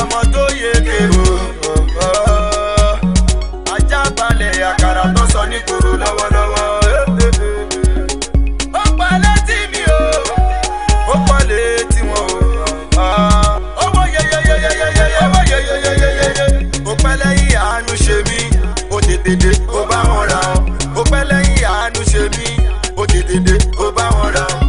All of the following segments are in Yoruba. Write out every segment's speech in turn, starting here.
ọmọ tó yege o. ajá balẹ̀ àkàrà tó sọ nígboro lọ́wọ́lọ́wọ́. ó pa létí mi o ó pa létí wọn o. owó yeyeyeyeyeye owó yeyeyeyeye ó pẹ́ lẹ́yìn àánú ṣe mí ó tètè dé ó bá wọn ra ó pẹ́ lẹ́yìn àánú ṣe mí ó tètè dé ó bá wọn ra.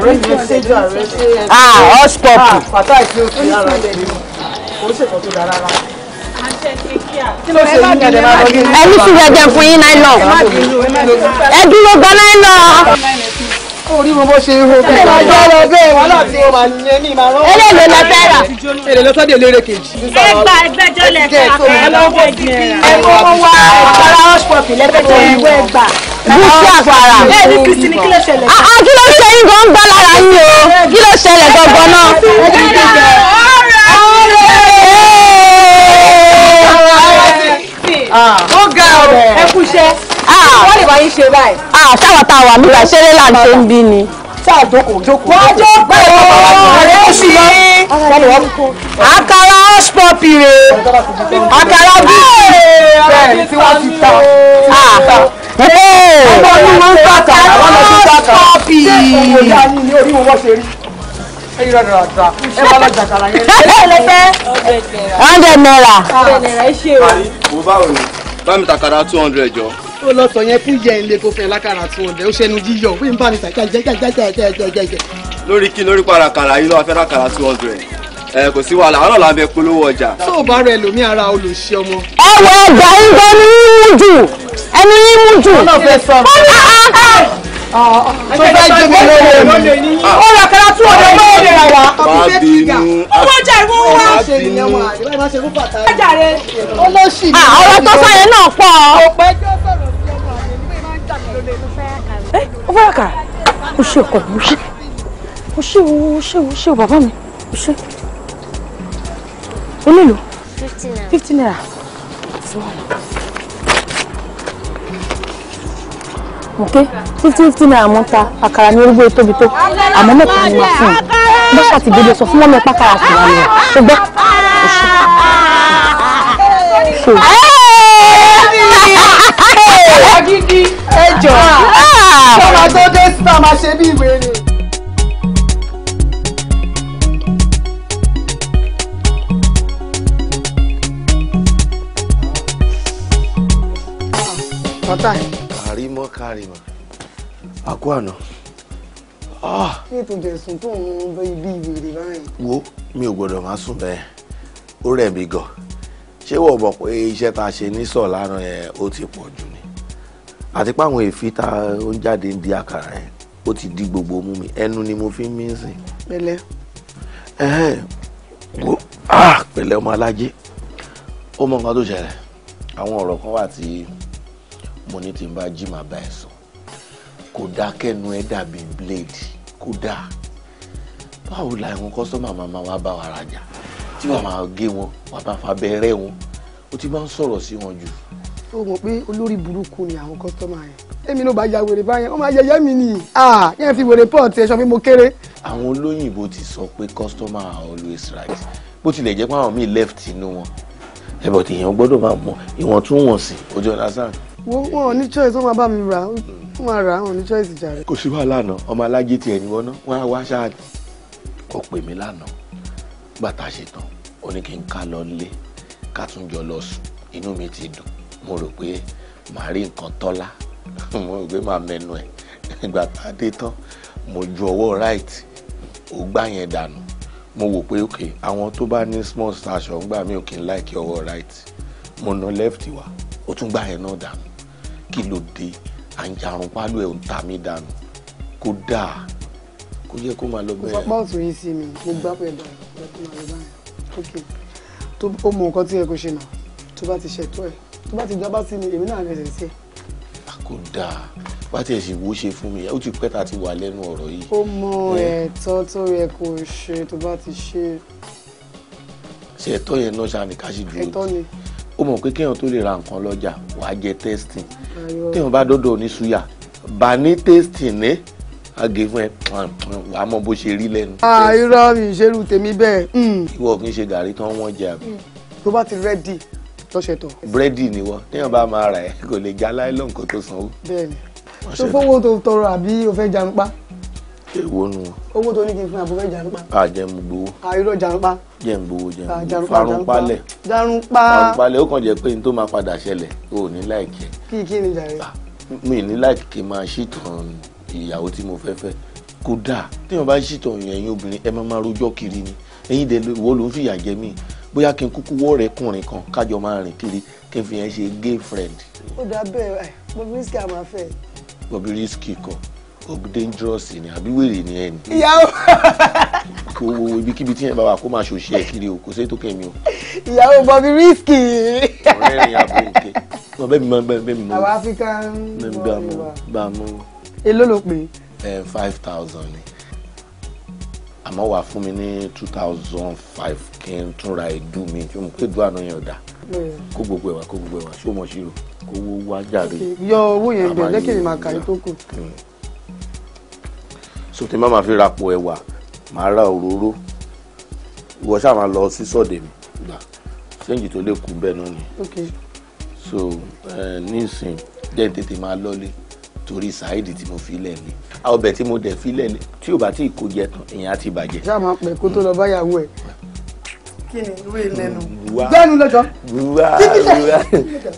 ọ̀rẹ́ mi ṣe jọ ààrẹ ṣe ẹ. ah hush pop. pàtó àìsí òkè ara ẹ̀ ní kò ń ṣètò tó dára rárá. kí ló ṣe yín ní ẹ̀dẹ̀ máa lọ gé. ẹni tí jẹjẹ fún yín nylon. ẹ dúró gba nylon. orí mo bó ṣe ń ho bẹ́ẹ̀. ẹ jọ lọ bẹ́ẹ̀ wọn náà ti wà ní ẹni máa rán. eléèlé lọ fẹ́ rà. èlé lọ sọ́dẹ̀ eléré kejì. ẹgbà ẹgbẹ́jọ lẹ̀ fẹ́ àpẹẹrẹ lọ́wọ́ ìgbìyànjú. ẹgbẹ́ owó wa ẹgbẹ́ hush pop lẹ́gbẹ́jọ ìwé bí sí àfàrà. ẹ ní Christine kí ló ṣẹlẹ̀. àá ah, ah, kí ló ṣe yín gan gbá lára yín o kí ló ṣẹlẹ̀ gangan náà. Ah. ó ga ọ ẹ kú iṣẹ́ wọ́n lè bá yín ṣe báyìí. ṣáwa tá a wà nígbà ṣeré là ń ṣe ń bí ni. ṣáà jókòó jókòó. wọ́n jókòó ọ̀rẹ́ òsì yín. àkàrà hotspot rè àkàrà bí. bẹ́ẹ̀ ni tí wọ́n ti ta ọmọ ní wọn ń tàkà àwọn ọmọ tó ṣé ọmọ ìyá yín ni orí wọn wọ́n ṣe rí ẹyìn rẹ rà ta ẹ bá lọ jàkàrà yẹn. hundred naira. hundred naira ẹ ṣe o. bá mi tàkàrà two hundred jọ ó lọ sọ yẹn fún yẹ ilé kó fẹ lákàrà tún ọdẹ ó ṣẹnu yíyọ wíńbà mi tàkà jẹjẹjẹjẹjẹjẹ. lórí kí lórí parakara yìí ló fẹ́ lákàrà two hundred ẹ kò sí wàhálà àwọn náà la bẹ polówó ọjà. tó o bá rẹ lómi ara olùṣe ọmọ. ẹ wọ ọgbà ń gbọ́ ní mú jù ẹni ní mú jù. wọn náà fẹ́ sọ. tó bá jẹ mi lọ́wọ́ mi. ó rà kára tún ọ̀dọ̀ lọ́wọ́ mi rà wá. má bínú owó ọjà ìwọ wa. má bínú ọjà rẹ olóṣì. Ah, ọ̀rọ̀ tó sọ̀rọ̀ náà pọ̀. ọ̀pẹ́ jọ́ sọ̀rọ̀ sí ọmọ àlè nígbà máa ń jà mí lólè ló fẹ́. ẹ eh, ó fẹ́ rà onílò fifty naira ok fifty fifty naira mo ń ta àkàrà ní orúgbó tóbi tó àmọ́ mẹ́ta ni wàá fún un bọ́sà ti gbèdé sọ fún wọn mẹ́ta kára sí wa nìyẹn tó gbọ́. Agídí ẹjọ́ sọ́mà tó dé sí máa ṣe bí ìwé rẹ̀. Fatai. Kàrímọ́ kàrímọ́. Àkó àná. Ah. Kí ètò ìjẹ̀sùn tó ń bẹ ibi ìwèrè báyìí? Wo mi ò gbọ́dọ̀ máa sùn bẹ́ẹ̀. Ó rẹ̀ mí gan. Ṣé wọ́n mọ̀ pé iṣẹ́ tá a ṣe ní sọ̀ lánàá yẹn ó ti pọ̀ jù ni? Àti pé àwọn èéfín tá ó ń jáde ń di àkàrà yẹn ó ti di gbogbo mú mi ẹnu ni mo fi ń mí sìn. Pẹ̀lẹ́. Ẹ̀hẹ́n wo ah, pẹ̀lẹ́ ọmọ alájẹ́ ó mọ nǹkan tó ṣẹlẹ̀ àwọn ọ̀rọ̀ kan wà tí. Tí mo ní tí n bá jí màá bá ẹ sùn kò dáa kẹ́nu ẹ dàbí blade kò dáa báwo la àwọn kọ́sọ́mà máa máa wá bá wa rajà tí wàá máa gé wọn wàá bá fa bẹ́ẹ̀rẹ́ wọn o ti máa ń sọ̀rọ̀ sí wọn jù. o mọ̀ pé olórí burúkú ni àwọn kọ́sọ́mà yẹn èmi ló bá ya wèrè báyẹn wọ́n máa yẹyẹ mi nìyí ah yẹn fi wèrè pọ́ọ̀tì ẹ̀ṣọ́ pé mo kéré. àwọn olóyìnbó ti sọ pé customer always right bó tilẹ̀ jẹ́ pé àwọn míì left inú wọn ẹ̀bọ̀tì èèyàn gbọ́dọ̀ máa mọ ìwọ̀ntúnwọ̀nsì ojú ọ̀la sáà wọn ò ní choice wọn máa bá mi rà wọn máa rà wọn ò ní choice jàre. kò sí wàhálà náà ọmọ alájẹ tiẹ̀ ni wọ́n ná wọ́n á wá ṣáàdì kò pè mí lánàá bàtà ṣetán ó ní kí n ká lọ lé ká tún jọ lọ sùn inú mi ti dùn mo rò pé màá rí nǹkan tọ́lá mo rò pé màá mẹ́nu ẹ̀ ìgbà tá a dé tán mo ju ọwọ́ right ó gbá yẹn dànù mo wò pé ok àwọn tó bá ní small stash ọ̀gbà mi ò kí n láìkí ọwọ́ right mo nà left wa, ó tún gbá yẹn náà dànù kí ló dé àǹjarun pálọ ẹ̀ ò ta mí dànù kó dáa kó yẹ kó máa lọ bẹ́ẹ̀. mo fapá ọ̀tún yín sí mi mo gbá pẹ̀ dànù ok tó o mọ nǹkan tí ẹ kò ṣe nà tó bá ti ṣètò ẹ tó bá ti jábá sí mi èmi náà rẹ̀ ṣe. a kò dáa bá tiẹ̀ sì wo ṣe fún mi ó ti pẹ́ ta ti wà lẹ́nu ọ̀rọ̀ yìí. ó mọ ẹ̀tọ́ tó yẹ kó ṣe tó bá ti ṣe. ṣe ẹ̀tọ́ yẹn náà ṣáà ní ká sì dúró. ẹ̀tọ́ ni ó mọ̀ pé kéèyàn tó lè ra nǹkan lọ́jà wàá jẹ testing téèyàn bá dọ́dọ̀ ní suya bá ní testing ní àgè fún ẹ wàá mọ bó ṣe rí lẹ́nu. Ah, irọ́ mi ìṣerú tèmi bẹ́ẹ̀. Hmm. ìwọ kì í ṣe gàrí tán wọ́n jẹ àbí. Hmm. tó bá ti rẹ́dì lọ́sẹ̀ tó. búrẹ́dì ni wọ́n téèyàn bá máa rà ẹ́ kò lè já láìlọ́ nǹkan tó sanwó. bẹ́ẹ̀ni tó fowó tó tọrọ àbí o fẹ́ jàǹpá èwo nu. owó tó ní kí n fún àbúrò ìjànpá. a jẹ́ n gbowó. a irọ́ jànpá. jẹ́ n gbowó jẹ́ n gbowó farunpalẹ̀. jànpá. farunpalẹ̀ ó kàn jẹ́ pé n tó máa padà ṣẹlẹ̀ o ní láìkẹ́. kí kí ni jàre. Ah, mi ní láìkẹ́ máa ṣìtàn ìyàwó tí mo fẹ́ fẹ́ kódà téèyàn bá ṣìtàn ẹ̀yin obìnrin ẹ máa máa rojọ́ kiri ni ẹ̀yin dẹ̀ wọ́n ló ń fìyà jẹ mí bóyá kí n kúkú wọ́ rẹ̀ kùnrin kan kájọ máa rìn kiri kí n fi yẹn ṣe gay friend. ó dà bẹ́ẹ̀ bobrisky àmàfẹ́. bobrisky kọ́ ó dangerous ni àbí wèrè ni ẹ ni. ìyàwó. kò wo ibikíbi tí yẹn bá wà kó máa ṣòṣe ẹ kiri o kò sí ètò kẹmi o. ìyàwó bọ̀bí rísíkì. ọ̀rẹ́ rìn àbúrò òkè wọn bẹ́ẹ̀ mi mọ àwọn African bọ́ọ̀lù wa gbà mọ́. èló ló pè é. five thousand ni àmọ́ wàá fún mi ní two thousand five kí n túnra ìdú mi tí mo pé ìdú àná yẹn ọ̀dà kó gbogbo ẹ̀ wá kó gbogbo ẹ̀ wá ṣó mọ̀ ṣírò kó wó wá jáde. yọ owó yẹn bẹ̀ lẹ́kẹ̀lẹ́ màkàrí tó kù so tí n bá máa fi rapò ẹ̀wà màá ra òróró ìwọ ṣáà máa lọ sí sọ̀dẹ̀ mi gbà ṣéǹjì tó lè kú bẹ́ẹ̀ náà ni so nísìn jẹ́ n tètè máa lọ́lé torí ṣáìdì tí mo fi lẹ̀ ni àwọn ọbẹ̀ tí mo dẹ̀ fi lẹ̀ ni tí ò bá tí kó jẹ tán ìyẹn á ti bàjẹ́. ṣáà máa pẹ́ kó tó lọ báyàwó ẹ̀ kí ni ìwé ìlẹ́nu gbẹ́nu lọ́jọ́. wúwá wúwá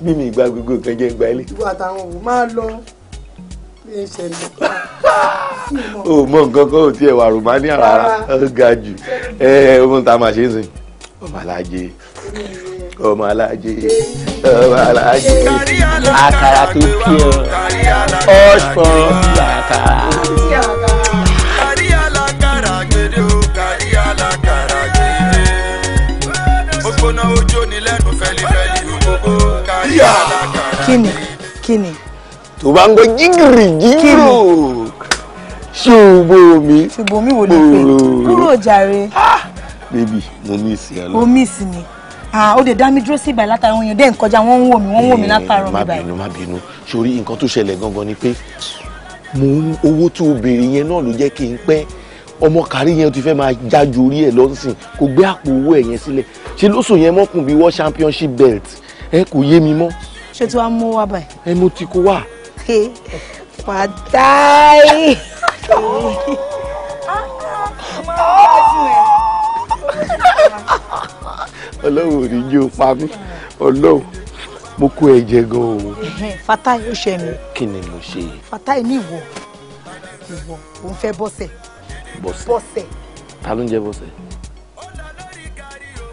mímì ìgbà gbogbo kan jẹ́ ìgbà ilé. ìwà àtàwọn òun máa lọ o mọ nǹkan kan ò tiẹ̀ wà romania rárá ó ga jù ẹ ọmọ tá a máa ṣe é sìn ọmọ alájẹ ọmọ alájẹ ọmọ alájẹ àkàrà tó kí ọ ọsàn làkàrà. kíni kíni tó bá ń gbọ́ jígìrì jígìrì ṣùgbọ́n omi ṣùgbọ́n omi wò ló pè kúrò jàre. Ah! bébì mo miss ẹ lọ. o miss ni ah, ó lè dá mi dúró sí ìbàlẹ̀ látara wọn yẹn dẹ́n kọjá wọ́n ń wò mí wọ́n ń wò mí eh, látara wọn báyìí. má bínú má bínú sórí nǹkan tó ṣẹlẹ̀ gangan ni pé mo ń owó tó béèrè yẹn náà ló jẹ́ kí n pẹ́ ọmọ kárí yẹn ti fẹ́ máa jájú orí ẹ̀ lọ́sìn kò gbé àpò owó ẹ̀ yẹn sílẹ̀ ṣe lóṣù yẹn mọ́kùn bíi world championship belt ẹ kò yé mi mọ́. ṣé tí wàá mú wá báyìí. ẹ mo ti kó wá pé wà á dáì. ọlọ́run ò mo kó ẹ̀jẹ̀ gan o. Fatai ó ṣe mi. kí ni mo ṣe. Fatai ní ìwọ ìwọ òun fẹ́ bọ́sẹ̀. bọ́sẹ̀ ta ló ń jẹ́ bọ́sẹ̀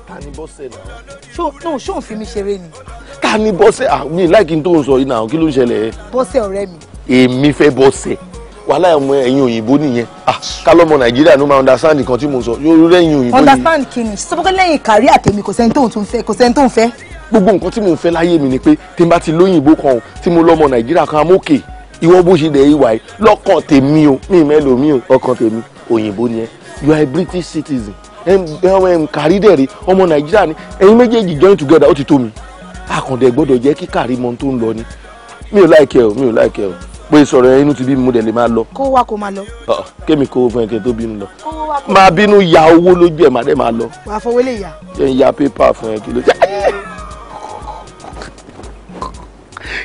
ta ni bọ́sẹ̀ náà. ṣó ṣó ń fi mi ṣeré ni. ta ni bọ́sẹ̀ àmì láìkí tó ń sọ yìí náà kí ló ń ṣẹlẹ̀. bọ́sẹ̀ ọ̀rẹ́ mi. èmi fẹ́ bọ́sẹ̀ wàhálà ọmọ ẹ̀yin òyìnbó nìyẹn ah, kálọ́mọ nàìjíríà ló máa understand nǹkan tí mo sọ yóò rẹ́yìn òyìnbó nìyẹn. understand kini sọpọ́kẹ́ lẹ́yìn kárí àtẹ̀mí kò sẹ́ni tóun tó ń fẹ́ kò sẹ́ni tóun fẹ́. gbogbo nǹkan tí mo ń fẹ́ láyé mi ni pé tí n bá ti lóyìnbó kan tí mo lọ́mọ nàìjíríà kan amókè ìwọ bó ṣe dẹ̀ ìwà yìí lọ́kàn tèmi o mi mẹ́lòmí o ọkàn tèmi òyìnbó nìyẹn you are a british citizen kàrí dẹ̀rẹ̀ ọmọ nàìjíríà ni ẹ̀yin méjèèjì join together ó ti tó mi àkàndẹ̀ gbọ́dọ̀ jẹ́ kí kàrí mọ tó ń lọ ni mi ò láìkẹ́ o mi ò láìkẹ́ o pé sọ̀rọ̀ ẹ̀yin ti bí mi mo dẹ̀ lè máa lọ. kó wá kó máa lọ. kémi kó fún ẹ kí n tó bínú lọ. máa bínú ya owó lójú ẹ̀ máa dẹ̀ máa lọ. wàá fọwọ́ lè yà. ṣé n ya pépà fún ẹ kí ló.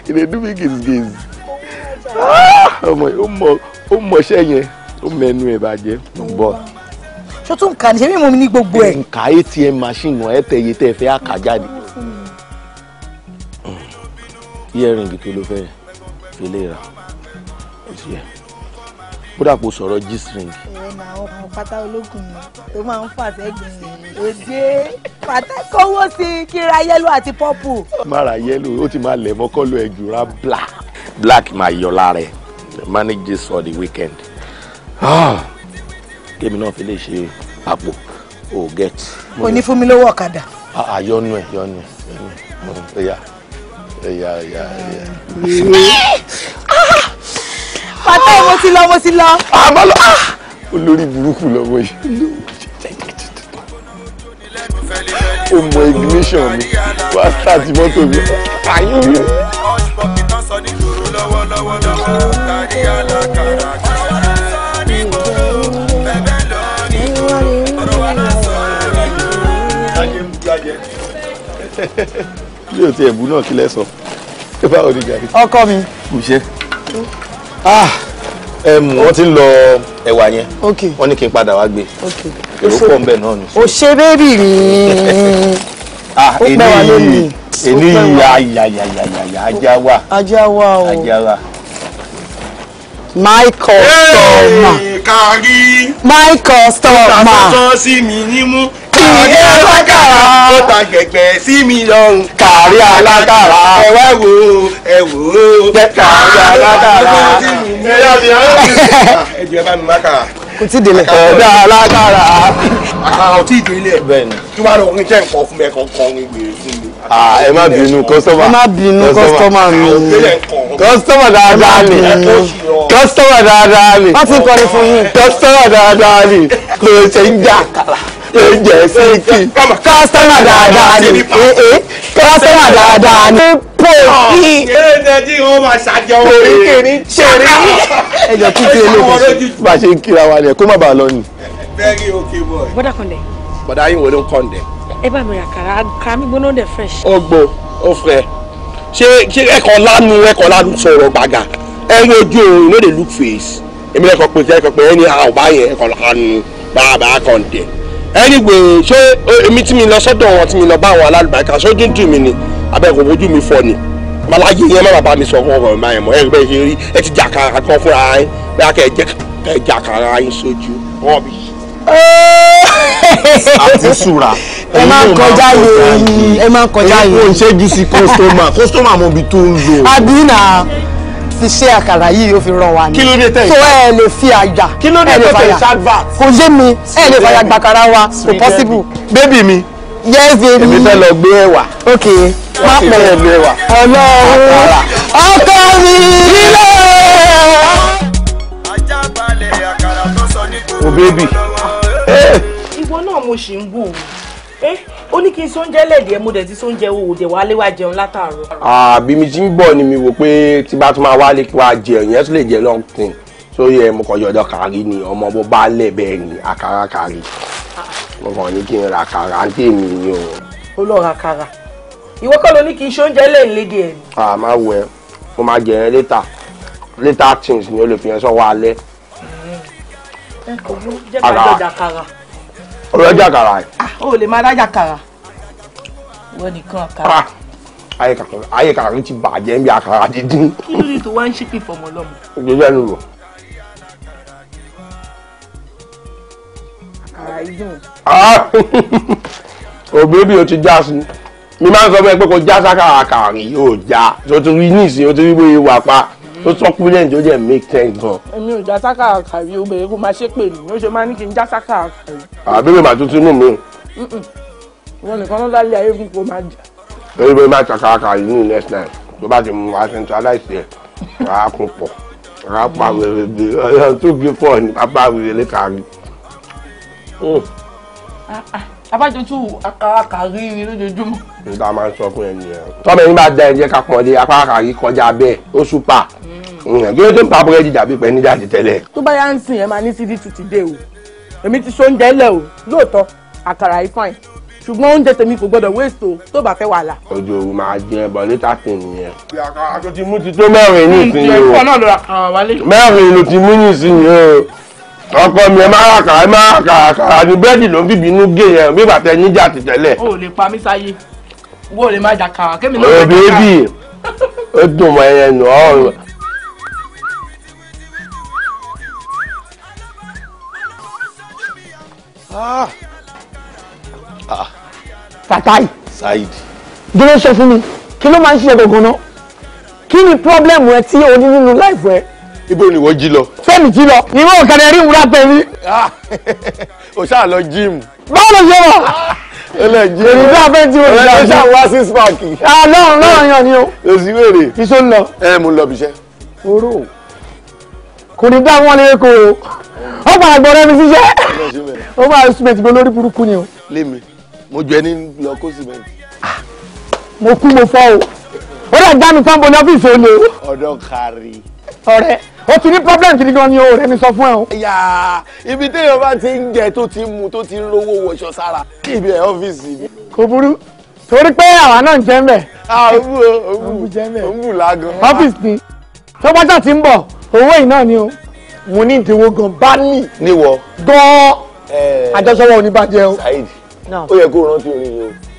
ìrèdú mi gèzìgèzì ah, ó mọ ó mọṣẹ́ yẹn ó mẹnu ẹ̀ bàjẹ́ ń bọ̀ ṣó tún kà ní ṣe mímú mi ní gbogbo ẹ̀. nka atm machine náà ẹ tẹ iye tẹ fẹ́ àkà jáde. Mm. earring tó ló fẹ́ fi lè rà kódà kò sọ̀rọ̀ g-string. ẹ na ọmọ pátá ológun ni tó máa ń fà sẹ́gbìn òde pàtẹ́kọ̀wọ́ sí kíra yẹ́lò àti pọ́pù. má ra yẹ́lò ó ti máa lẹ̀ mọ́kọ́lù ẹ̀ jù black. black máa yọ lára ẹ manage this for the weekend. Ah tèmi náà fi lè ṣe àpò o get. o ní fún mi lówó ọ̀kadà. àyọnu ẹ yọnu ẹ ẹyà ẹyà ẹyà ẹyà. pátá ẹ mo ti lọ mo ti lọ. àmọ́ lọ ah! olórí burúkú lọ́wọ́ yìí o mọ ignition mi wá sáàtì mọ́tò mi ayé mi. ọ̀ṣun bọ̀kì tán sọ nígboro lọ́wọ́lọ́wọ́ lọ́wọ́ kárí alákàrà mi ò tiẹ̀ bú náà kí lẹ sọ báwo ni gàrí. ọkọ mi. kù iṣẹ́ ah, wọ́n ti ń lọ ẹ̀wà yẹn wọ́n ní kí n padà wá gbé èrò pọ̀ nbẹ̀ náà ni. òṣè bébì mi. Ah, ó pẹ́ wá lónìí. èmi yàyàyàyàyà ajá wa. ajá wa o. ajá wa. my customer. ẹ ẹ kárí. my customer. ìtàkùn sọ sí mi nímú ẹ̀rọ kàrà ó ta gẹ̀gẹ̀ sí mi lọ́rùn. kàrí alákàrà ẹ wá wò ó ẹ wò ó kàrí ah, alákàrà. ẹ jẹ́ bá mi má kàrà. kò tí ì délé. kàrí alákàrà. àkàrà ò tí ì délé. bẹ́ẹ̀ni. tí wàá lọ orin jẹ́ nǹkan fún mi ẹ̀kọ́ kan orin gbèrè fún mi. ẹ má bínú kọ́sọ́mà. ẹ má bínú kọ́sọ́mà mi. kọ́sọ́mà dáadáa ni. kọ́sọ́mà dáadáa ni. wọ́n ti kọ́ni fún yín. kọ́sọ́mà dáadáa ni. kò ṣe ń jà kàrà ẹ̀jẹ̀ sí kọ́sítọ́mà dáadáa ni kọ́sítọ́mà eh, eh. dáadáa ni pòkì. ẹ̀jẹ̀ tí wọ́n máa ṣàjọ orí kìíní ṣeré. ẹ̀jẹ̀ kí kí eléyìí bá ṣe ń kíra wa lẹ̀ kó má bàa lọ nù. very okay boy. bọ́dà kọ́ndẹ̀. bọ́dà yín wo ló ń kọ́ndẹ̀. ẹ bá mi rà kàrà kàrà mi gbóná dẹ̀ fresh. ó gbó ó fẹ́ ṣé ẹ̀kọ́ lánú ẹ̀kọ́ lánú sọ̀rọ̀ gbàgà ẹ̀ ń wojú òun ló dé look face èmi lẹ́kọ̀ọ́ pé ẹ̀kọ́ pé ẹni àwọn ọba yẹn ẹ̀kọ́ lánú bàbá kọ́ndẹ̀ anyway ṣé èmi tí mi lọ sọ́dọ̀ wọn tí mi lọ bá àwọn alálùbáríkà sójú dùn mí ni abẹ́kọ̀ ojú mi fọ ni malaye yẹn má bàbá mi sọ fún ọkọ mi mọ ẹ bẹ ṣe rí ẹ ti jà kàrà kan fúnra yín bẹ́ẹ̀ kẹ́ ẹ jẹ́ kẹ́ ẹ jà kàrà yín sójú wọn bí. àti sùrà ẹ máa ń kọjá yìí ẹ máa ń kọjá yìí. èyí kò ń ṣẹ́jú sí kọ́sítọ́mà kọ́sítọ́mà mọ̀ ibi tó ń lò. àbí fi ṣe àkàrà yìí yóò fi ràn wá ni. kí ló dé tẹ̀ tó ẹ lè fi àjà. kí ló dé tẹ̀ yìí kò yé mi ẹ lè fàyà gbàkàrà wa kò possible. bébì mi. yes baby. èmi fẹ́ lọ gbé ẹ̀wà. ok má pẹ́ ọlọ́run ọkọ mi nílẹ̀. o bébì. ìwọ náà mo ṣì ń wò ó eh? ó ní kí n sóúnjẹ lẹ́ẹ̀dì ẹ̀ mo dẹ̀ ti sóúnjẹ o òdẹ̀ wá lé wá jẹun látàárọ̀. àbí mi ti ń bọ̀ ni mi wò pé tí bá tún máa wá lé wá jẹun yẹn tún lè jẹ long thing so yẹ mo kàn yọ̀dọ̀ kárí ni ọmọ bó bá lẹ̀ bẹ́ẹ̀ ni àkàrà kárí mo kàn ní kí n ra àkàrà ń tèmi ni o. ó lọ ra àkàrà ìwọ kọ́ ló ní kí n sóúnjẹ lẹ́ẹ̀lẹ́dì ẹ̀. à má wọ ẹ mo máa jẹ ẹ later later things ni ó lè fi yẹn sọ wá alẹ́. Mm. ẹ kò mú jẹ́ ká jọjà kàrà ọ̀rọ̀ jàkàrà yìí. Ah, o lè máa rájàkàrà wọ́n nìkan kàrà. Ah, ayé kàrà ló ti bàjẹ́ níbi àkàrà dídín. kí ló dé tó wá ń ṣípì fọmọ lọ́mọ. ìjọba ẹni rò. àkàrà yìí dùn. Ah, òbí bí o ti já sí mi máa ń sọ fún ẹ pé kò já sákàrà àkàrà yìí ò já tó ti rí ní ìsìn o ti rí bóyá wà pa tó succulent tó jẹ́ make sense gan. èmi ò já sákà àkàrí obìnrin kó máa ṣe pè mí ó ṣe máa ní kí n já sákà àkàrí. àbẹ̀rẹ̀ màá tuntun nù mí. wọn nìkan ló lálẹ́ ayé fún kó máa jà. torí bẹ́ẹ̀ máa ṣàkà àkàrí ní next time tó bá ti mú wa centralize ẹ̀ rà á kún pọ̀ rà á pa wèrè bí ọ̀yọ́ tó gbé pọ̀ ní pápá wèrè lẹ́kàárí abájọ tún akarakari lójoojúmọ́. n ta máa ń sọ fún ẹni yẹn. tọ́mọ ẹni bá da ẹ̀jẹ̀ ká pọ́n dé akarakari kọjá bẹ́ẹ̀ ó súpà hmm. Hmm. kí ló dé ń pa búrẹ́dì dàbí pẹ́ níjà ti tẹ́lẹ̀. tó bá yá ń sìn ẹ máa ní sídìí tù dé o èmi ti so oúnjẹ lẹ o lóòótọ́ àkàrà yìí fine ṣùgbọ́n oúnjẹ tèmi kò gbọ́dọ̀ waste o tó bá fẹ́ wàhálà. ojú òru máa jẹ ẹbọ níta tì nìyẹn. àtúntì mú ti tó mẹ́rin ní ìsinyìí o mẹ́rin ló ti mú ní ìsinyìí o ọkọ mi ẹ máa rà kàrà ẹ máa rà kàrà kàrà ni búrẹ́dì ló ń bíbí inú gé yẹn bí bàtà ẹni jà ti tẹ́lẹ̀. o lè pa mí sáyé wo lè má jà kémi náà lè bèbí ó dùn mọ ẹyẹ nù ọ. Fatai. Saidi. dúró sọ fún mi kí ló máa ń ṣe gangan náà kí ni pírọ́blẹ́mù ẹ tí o ní nínú láìpẹ́ ibo ni wọ́n jí lọ. fẹ́mi jí lọ ìwé òkèrè rí wúrà tẹ̀lé. o ṣáà lọ jíìmù. báwo ló ṣe wà. ẹlẹ́jì èrè bí a fẹ́ jí òrìṣà mi. ẹlẹ́jì àwọn six pack. àlọ́ náà yàn ni o. èsì wèrè. iṣó ń lọ. ẹ mo lọ bìṣẹ́. oró kò ní dá wọn lé ko o ó padà gbọ́dọ̀ mi ṣiṣẹ́ ó máa sùmẹ̀tì mi olórí burúkú ni o. lémi mo jẹ ní lọ kó sìmẹ́ntì. mo kú mo fọ́ o ó dà gbá mi fáwọn ọ̀nà ọ́fíìsì òní o. ọ̀dọ́ kárí ọ̀rẹ́ o ti ní problem gidi gan ni o rẹ mi sọ fún ẹ o. ìyá ibi téèyàn bá ti ń jẹ tó ti ń mu tó ti ń rówó wọṣọ sára ibi ẹ ọ́fíìsì mi. kò burú torí pé àwa náà ń jẹ́ ń bẹ̀. òun bù jẹ́ ń bẹ̀ òun bù lágan. ọ́fíìsì ni tó bọ́jà ti ń bọ̀ owó yìí náà ni o mo ní ìdínwó gan báàlì. níwọ. gan eh. àjọṣọwọ́ oníbàjẹ́ o. Saheed ó yẹ kó rántí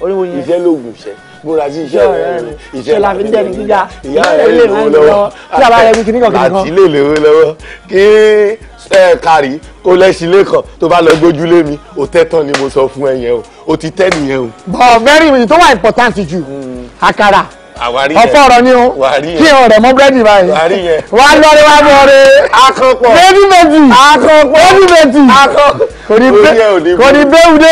orin yìí o ìfẹ́ lóògùn ìṣẹ́ múra sí iṣẹ́ rẹ iṣẹ́ la fi gíga ìyá rẹ lè lówó lọ́wọ́ tí a bá rẹ kí nìkan kìnìkan àti lè lówó lọ́wọ́ kí ẹ kárí kó lẹ́sìn lẹ́kàn tó bá lọ gbójúlé mi ò tẹ́tàn ni mo sọ fún ẹ o ò ti tẹ́ nìyẹn o. bọ̀ very important tó wà important jù hmm. àkàrà ọ̀pọ̀ ọ̀rọ̀ ni o kí ọ̀rẹ́ mọ búrẹ́dì báyìí wà lọ́rẹ́ wà lọ́rẹ́ akọ́pọ̀ méjì méjì akọ́pọ̀ méjì méjì kò ní bẹ́ẹ̀ òde.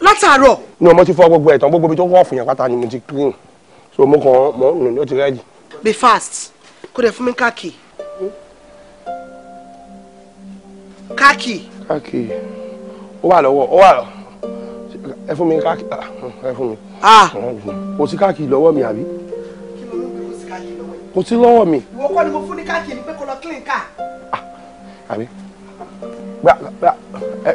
látàárọ̀. ní ọmọ ti fọ gbogbo ẹ̀tàn gbogbo ibi tó wọ̀ fún yàn pátá ni mo ti clean so mo kàn mọ́ nù ní o ti rẹ́ẹ̀dì. be fast kó dẹ̀ fún mi káàkì. káàkì. káàkì ó wà lọ́wọ́ ó wà lọ́wọ́ ẹ fún mi káàkì ah, ah. ẹ fún mi. kò sí káàkì lọ́wọ́ mi àbí. kò sí lọ́wọ́ mi. ìwọ kọ́ ni mo fún ní káàkì ni pé kó lọ clean ká. Ah, àbí gbà gbà ẹ.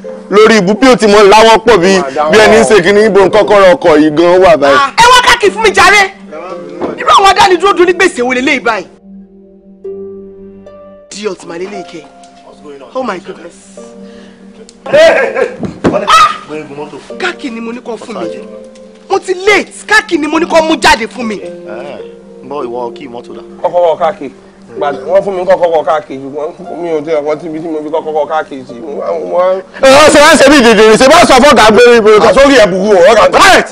lórí ibú bí o ti mọ láwọn pọ̀ bí bí ẹni ń ṣe kíní ibo kọ́kọ́rọ́ ọkọ̀ yìí gan wà báyìí. Ah, ẹ wá káàkiri fún mi jàre irú àwọn adánidúró dún ní gbèsè wo lélẹ́yìí báyìí. di ọ̀tí màá lélẹ́yìí kẹ́ oh my goodness. Ah! káàkiri ni mo ní kọ́ fún mi mo ti late káàkiri ni mo ní kọ́ mú jáde fún mi. Eh, eh. bọ́ ìwọ kí mọ́tò dà. ọkọ̀ wọ káàkiri wọ́n fún mi kọ́kọ́kọ́ káàkiri wọ́n fún mi ò tẹ ọkọ tíbi tí mo fi kọ́kọ́kọ́ káàkiri sí i. ọ ṣe wá ń ṣe bí dèdèrè ṣe bá sọ fọgà gbé ibò kan ah. sórí ẹ bùkún ọ ọgá quiet.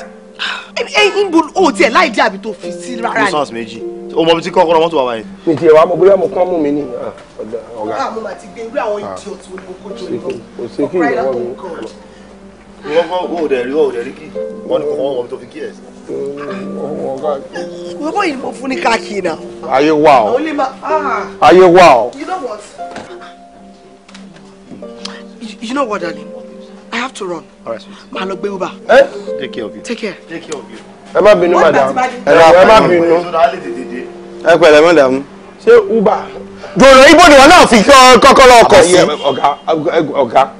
ẹ ẹ ibo o tiẹ̀ láì dí àbí tó fi sí rárá ni. sọ́ọ̀sì méjì o mọ̀ mi ti kọ́kọ́rọ́ mọ́tò bàbá yẹn. mi ti ẹ̀ mo bóyá mo kán mú mi ní ah, ọ̀gá. ọ̀gá ah, mo máa ti gbé irú àwọn ìdí ọ̀tún olùkójọ ìbọn ọ̀pá ìlànà Wọ́n bọ́ ìmọ̀ fún ní káàkiri náà. Ayé wà ọ́. Ah. Ayé wà ọ́. You know what? You know what, darling? I have to run. All right, sweet. Eh? Take care of you. Take care. Take care of you. Ẹ má bínú, madam. Ẹ má bínú. Ẹ pẹ̀lẹ́, madam. Ṣé Uber? Dòrò ibodè wọn náà fi kọ́kọ́rọ́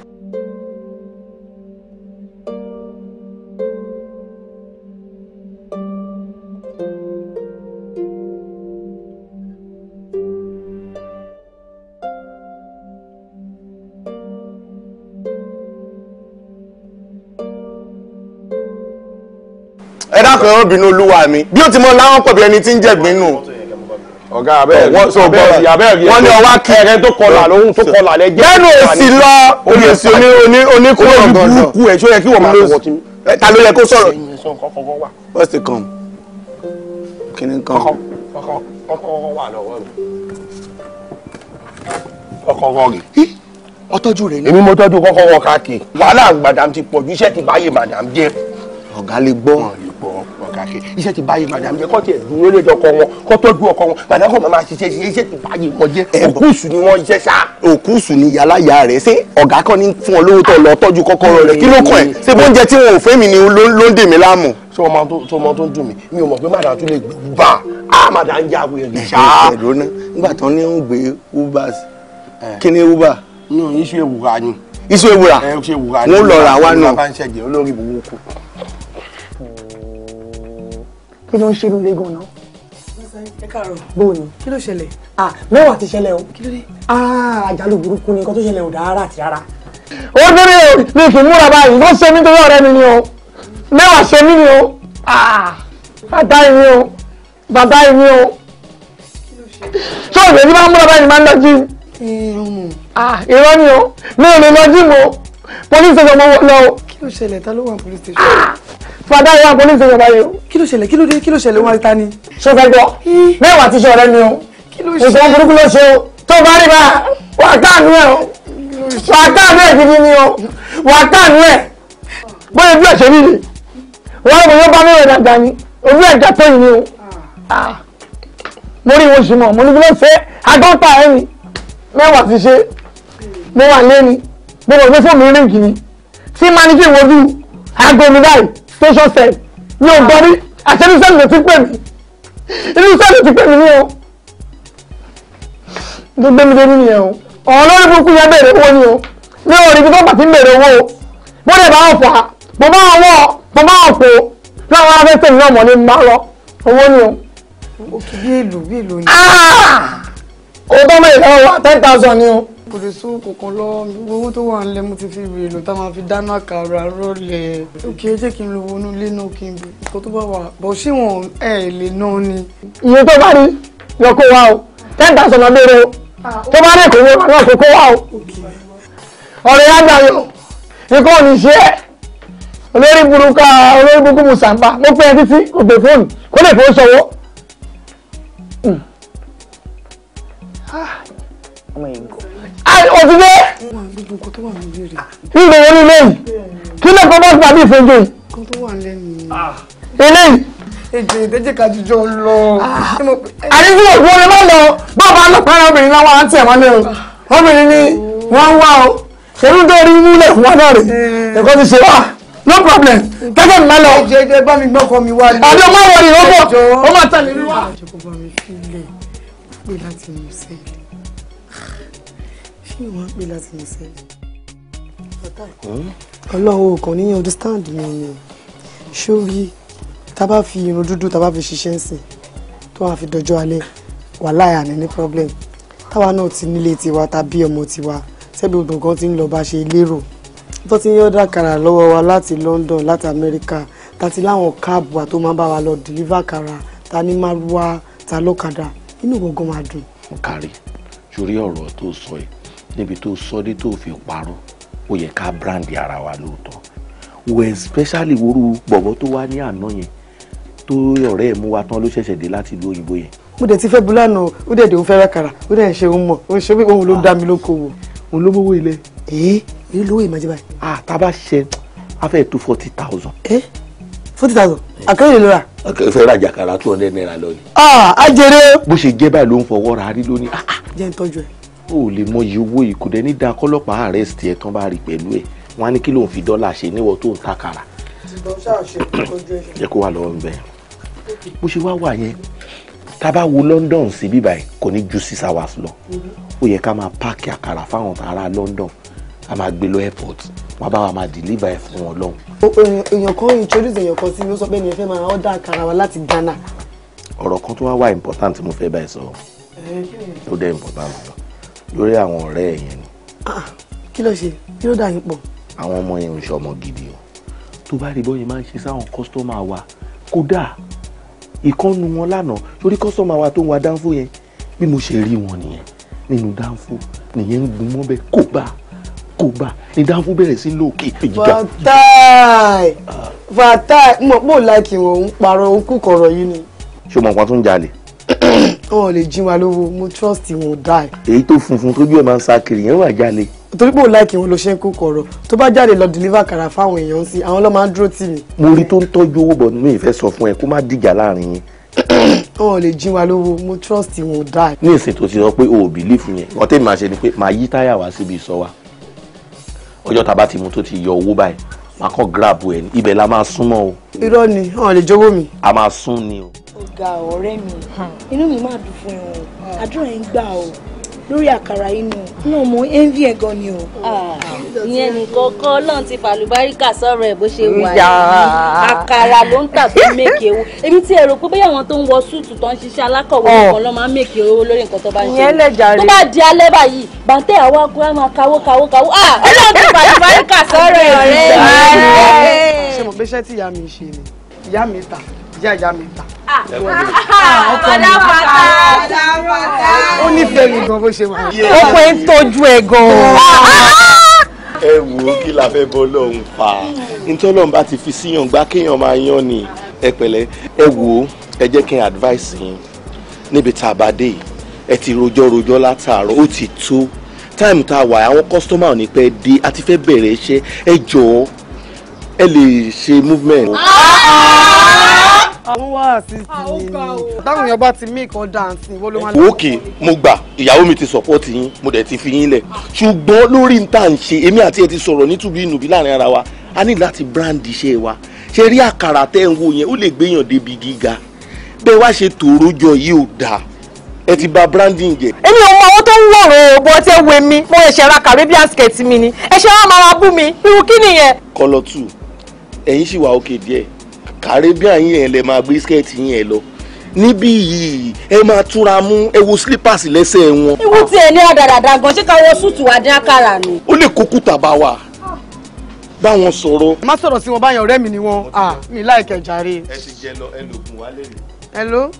kan yóò bínú olúwa mi bí ó ti mọ láwọn pọ̀ bí ẹni tí ń jẹ̀gbín nù. ọ̀gá abẹ́rẹ́ wọ́n ní ọwá kí ẹ̀rẹ́ tó kọlà lóhun tó kọlà lẹ́jẹ̀. bẹ́ẹ̀ni o sì lọ olùsí oníkúrò burúkú ẹ̀ ṣó yẹ kí wọ́n máa fọwọ́ tí mi. ta ló yẹ kó sọ̀rọ̀. first come kìnnì kan. ọkọ̀ wà lọ́wọ́ mi. ọkọ̀ wọ̀ rè ọtọ́jú ni. èmi mo tọ́jú kọ́kọ́ wọ káàkiri wàhálà madam ti pọ̀jù iṣẹ́ ti báyé madam jẹ́. ọ̀gá lè gbọ́ gbọ́ ọ̀gá ṣe iṣẹ́ ti báyìí madam jẹ́ kọ́ tiẹ̀ dúró lé ọkọ wọn kọ́ tọ́jú ọkọ wọn madam kọ́ máa ṣiṣẹ́ ṣe iṣẹ́ ti báyìí wọn jẹ́ òkúùsù ni wọ́n jẹ́ sá. òkúùsù ni yàrá ìyá rẹ̀ ṣé ọ̀gá kan ní fún ọ lówó tó lọ tọ́jú kọ́kọ́rọ́ rẹ̀ kí ló kọ́ ẹ̀ ṣé bó ń jẹ tí wọn ò fẹ́ mi ni ló ń dè mí láàmú. sọ ọmọ tó ń dùn mí mi ò mọ̀ pé madam tún lè gbà á madam já wèrè ṣá. ẹ̀rọ náà nígbà tán ní ń gbé ubers ni uber. ní iṣu ewura ni. wọn lọ ra wa náà kí ló ń ṣe nílé gan-an. ẹ káàárọ̀. bóò ni. kí ló ṣẹlẹ̀. ah mẹ́wàá ti ṣẹlẹ̀ o. kí ló dé. ah àjálù burúkú ni nǹkan tó ṣẹlẹ̀ ò dára àti rárá. ó dúró mi kì í múra báyìí ló ṣe nítorí ọ̀rẹ́ mi ni o mẹ́wàá ṣe mí ni o ah bàbá yìí ni o bàbá yìí ni o. tó ìwé ní máa ń múra báyìí máa ń lọ jí. ah irọ́ ni o mi ò lè lọ jí mo police station mo wọ lọ o. kí ló ṣẹlẹ̀ police station fada ìwà police station báyìí o. kí ló ṣẹlẹ̀ kí ló dé kí ló ṣẹlẹ̀ wọn ta ni. ṣó fẹ́ gbọ́ mẹ́wàá ti ṣe ọ̀rẹ́ mi o nǹkan burúkú ló ṣe o tó bá rí bá wà á káàánú ẹ o wà á káàánú ẹ gidi ni o wà á káàánú ẹ bóyá ojú ẹ̀ ṣe nílì wọ́n rò wọ́n bá mẹ́wàá dàgbà ni ojú ẹ̀ já tóyìn ni o ah. Ah. mo rí ìwọ ìṣúná mo ní kí ló ṣe àgọ́ta ẹ̀ mi mẹ́wàá ti ṣe mẹ́wàá lé ni mo rò pé fóònù rí kì í tí máa ní kí n wojú aago mi báyìí station sef mi ò gbọ́ rí àṣẹ irú sẹ́ẹ̀lì ló ti pè mí irú sẹ́ẹ̀lì ló ti pè mí ní o tó gbé mi lórí nìyẹn o ọ̀hún lórí burúkú yẹn béèrè owó ni o mi ò rí ibi tó bàtí ń béèrè owó o mo lè bá wọn fà á mo bá wọn wọ mo bá wọn kó láwọn afẹ́fẹ́ mi náà mọ̀ ní bá lọ owó ni o. òkè bí èlò bí èlò yìí. Ah! ó tọ́ mọ̀ ten thousand ni o kò lè sówó kankan lọ́wọ́ mi gbogbo owó tó wà nílẹ̀ mo ti fi rè lò tá a máa fi dáná àkàrà rọlẹ̀ òkè ẹ jẹ́ kí n lo wọnú ilé náà kí n bè nǹkan tó bá wà bọ̀ ṣé wọn ẹ lè ná ni. iye tó bá rí yọ kó wá o ten thousand ọlọ́rọ̀ o ah, tó bá rí kòwé wà náà kó wá o ọ̀rẹ́ yá ikú ò ní ṣe é olórí burúkú olórí burúkú musamba mo pẹ́ títí kò gbé fóònù kó lè fowó sọ̀wọ́. Oh my òtítẹ́. gbogbo nǹkan tó wà nílé rẹ̀. nígbà wo ni lẹ́yìn kí ló kọ́ bá pàdé ìfẹ́jọ́ yìí. nǹkan tó wà lẹ́nu. eléyìí. Ah. èdè ìdẹ́jẹ́ ká jíjọ lọ. àdéhùn òkú ọ̀rẹ́ máa lọ bàbá ọlọ́pàá obìnrin láwọn àǹtí ẹ̀ mọ́lẹ́ o ah. obìnrin ni wọ́n ń wá o ṣèlú tó rí múlẹ̀ fún wa náà rè eh. ẹ̀kọ́ ti ṣe wá no problem tẹ́tẹ́ mi máa lọ. ẹ jẹ́ ẹ bá mi gbọ́kọ mi wá. àbí ọmọ wọlé lọ́bọ̀ ọmọ àtàlẹ́ mi wá mi wọ́n pè láti yẹ sẹ́yìn. ọlọ́wọ́ kan níyẹn understand mi ni ṣórí tá a bá fi irun dúdú tá a bá fi ṣiṣẹ́ ńsìn tó wàá fi dọjọ́ alẹ́ wàhálà àní ní problem táwa na ti nílé tiwa tàbí ọmọ tiwa sẹ́bi ọdún kan ti ń lọ bá ṣe lérò tó ti ń yọ̀dà kàrà lọ́wọ́ wa lati London lati America. tàti láwọn káàbù àti tó máa ń bá wa lọ deliver kara. ta ní márùwá ta lọ́kadà inú gbọ̀ngàn máa dùn. kárí sórí ọ̀rọ̀ tó sọ yìí níbi tó sọdí tó fi parọ́ ó yẹ ká brandy ara wa lóòótọ́ wò especially wóru bọ̀bọ̀ tó wá ní àná yẹn tó ọ̀rẹ́ ẹ̀ mú wa tán ló ṣẹ̀ṣẹ̀ dé láti ìlú òyìnbó yẹn. mo dẹ̀ ti fẹ́ bu lánàá ó dẹ̀ dé òun fẹ́rẹ́ kàrà ó dẹ̀ ṣe òun mọ̀ òun ṣe òun ló dá mi lóko wò òun ló mówó ilẹ̀. ee èyí lówó ìmọ̀jẹ báyìí. a ta bá ṣe a fẹ́ tó forty thousand. ẹ forty thousand àkàrà ìlú rà. akẹ́kọ̀ọ́ fẹ́ ra jàkàrà two hundred naira lọ ni. a jẹrẹ. bó ṣe jẹ́ báyìí ló ń fọwọ́ ra rí lónìí. jẹ́ ń tọ́jú ẹ̀ o ò lè mọyì owó yìí kò dẹ̀ ní dáa kọ́lọ́pàá àrẹ́sìtì ẹ̀ tán bá rí pẹ̀lú ẹ̀ wọ́n á ní kí ló ń fi dọ́là ṣe níwọ̀ tó ń takara. jẹ́ kó wà lọ́wọ́ ń bẹ̀. bó ṣe wá wà yẹn tá a bá wo London sí bíbá ẹ̀ kò ní ju six hours lọ ó yẹ ká máa páàkì àkàrà fáwọn ará London a máa gbé lọ airport wọ́n bá wa máa deliver ẹ̀ fún wọn lọ́hùn. èèyàn kan introduce èèyàn kan sí mi ó sọ pé ènìyàn fẹ́ máa order àkàrà wa láti Ghana. ọ̀rọ̀ kan tó wá wà important mo fẹ́ báyìí sọ ó dẹ́ important lọ lórí àwọn ọ̀rẹ́ ẹ̀ yẹn ni. Ah, kí ló ṣe kí ló dà yín pọ̀. àwọn ọmọ yẹn ò ṣe ọmọ gidi o tó bá rí bọ́yìí máa ń ṣe sáwọn kọ́sítọ́mà wa kódà ìkànnù wọn lánàá torí kọ́sítọ́mà wa tó ń wa dánfó yẹn bí mo ṣe rí wọn nìyẹn nínú dánfó nìyẹn ń gun mọ́ bẹ́ẹ̀ kó bá kó bá ní dánfó bẹ̀rẹ̀ sí lóòkè ìgbà. fatai ah. fatai mo pò láìkì wọn ń parọ́ okú kọ̀rọ̀ yìí ni. ṣé o mọ̀ nǹkan tó ń jalè wọn ò lè jí wa lówó mo trust wọn die. èyí tó funfun tójú ẹ máa ń sa kiri yẹn wà jalè. torí pé òun láìkì wọn ló ṣe ń kó kọ̀rọ̀ tó bá jáde lọ deliver kàrà fáwọn èèyàn sí àwọn ló máa ń dúró tì mí. mo rí tó ń tọ́jú owó bọ̀ mi ìfẹ́ sọ fún ẹ kó má dìjà láàrin yín. wọn lè jí wa lówó mo trust wọn die. ní ìsìn tó ti sọ pé o ò bìlífù yẹn wọ́n tẹ́ máa ṣe ni pé màá yí táyà wá síbi ìsọ wa ọjọ́ tá bá ti mu tó ti yọ owó báyìí màá kàn gíráàbù ẹ̀ ibẹ̀ la máa súnmọ́ o. irọ́ ni wọn ò lè jówó mi. a máa sún ni o ga ọ̀rẹ́ mi hmm. inú mi máa dùn fún ẹ o hmm. àdúrà ẹ ń gbà o lórí àkàrà inú inú ọmọ envy ẹ gan ni o. Ah, ìyẹn nìkan kọ́ ọlọ́run ti fàlùbáríkà sọ̀rọ̀ ẹ̀ bó ṣe wà yìí àkàrà ló ń tà tó mèkì owó èmi tí èrò pé bóyá àwọn tó ń wọ súùtù tó ń ṣiṣẹ́ alákọ̀wé oh. nìkan ló máa ń mèkì owó lórí nǹkan tó bá ń ṣe ìyẹn lẹ́jà rẹ̀ tó bá di alẹ́ báyìí bàtẹ́ àwa kó máa kawó kawó kawó ah, ọlọ́run ti fàlùbáríkà sọ̀rọ̀ ẹ̀ ọ̀dà pátá ọ̀dà pátá. ó nífẹ̀ẹ́ mi gan bó ṣe wà. ó pé ń tọ́jú ẹ gan-an ah, ah. ẹ wò ó kí la fẹ́ bọ́ lọ́hùn pa ntọ́lọ́hùn bá ti fi síyàn gbá kéèyàn máa yán ni ẹ pẹ̀lẹ́ ẹ wò ó ẹ jẹ́ kí n advice yín níbi tá a bá dé yìí ẹ ti rojọ́ rojọ́ látàárọ̀ ó ti tó táìmù tá a wà àwọn kọ́sítọ́mà ò ní pẹ́ dé a ti fẹ́ bẹ̀rẹ̀ iṣẹ́ ẹ jọ̀ọ́ ẹ lè ṣe movement. Ah, àwọn wá àsìsì ni táwọn èèyàn bá ti mí kan dáǹsì ìwọ ló máa. òkè mo gbà ìyàwó mi ti sọ̀pọ́tì yín mo dẹ̀ ti fi yín lẹ̀ ṣùgbọ́n lórí n tá à ń ṣe èmi àti ẹ ti sọ̀rọ̀ nítubí ìnùbí láàrin ara wa a ní láti brand iṣẹ́ wa ṣe rí àkàrà tẹ́ ń wo yẹn ó lè gbéyàn débi gíga bẹ́ẹ̀ wá ṣe tòró jọ yìí ò dáa ẹ ti bà branding jẹ́. èmi ò mọ àwọn tó ń wọ̀rọ̀ òbọ̀ tẹ́ wé mi mo ẹ̀ṣẹ̀ ra caribbean skirt mi ni ẹ̀ṣẹ̀ wa máa wá bú mi irú kí nìyẹn. kọlọ tù ẹ̀yin sì wà òkè díẹ̀ caribbean yẹn lẹ máa gbé skẹ́ẹ̀tì yẹn lọ níbí yìí ẹ máa túra mú ẹ wo slippers lẹ́sẹ̀ wọn. ewu tiẹ̀ ní àdàdàdà gan ṣé ká wọ súùtù wá dín àkàrà ni. ó lè kókú tàbá wa bá wọn sọ̀rọ̀. má sọ̀rọ̀ sí wọn báyọ̀ ọ̀rẹ́ mi ni wọn mi láìkẹ́ jàre. ẹ ti jẹ lọ ẹ lògùn wa lẹ́nu. ẹ ló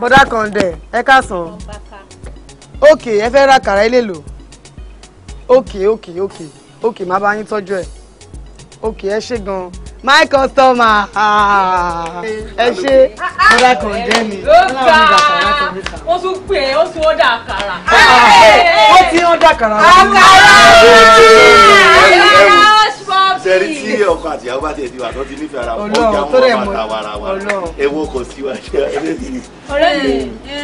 bọ́dà kan dẹ̀ ẹ ká sàn. ok ẹ fẹ́ ra kàrà ilé lò ok ok ok ok má bá yín tọ́jú ẹ ok ẹ ṣé gan-an my customer ah. ẹ ṣe ọlá kan jẹ mi ó tún pè é ó tún ọdà àkàrà. Ah. ó ti ọdà àkàrà. àkàrà ó ti sẹ́rí tí ọkọ àti ìyàwó bá tiẹ̀ ti wà tó ti nífẹ̀ẹ́ ara wọn ọjà wọn bá ta wàrà wà ewu kò sí wa ṣe ẹlẹ́dìí. ọ̀rẹ́ mi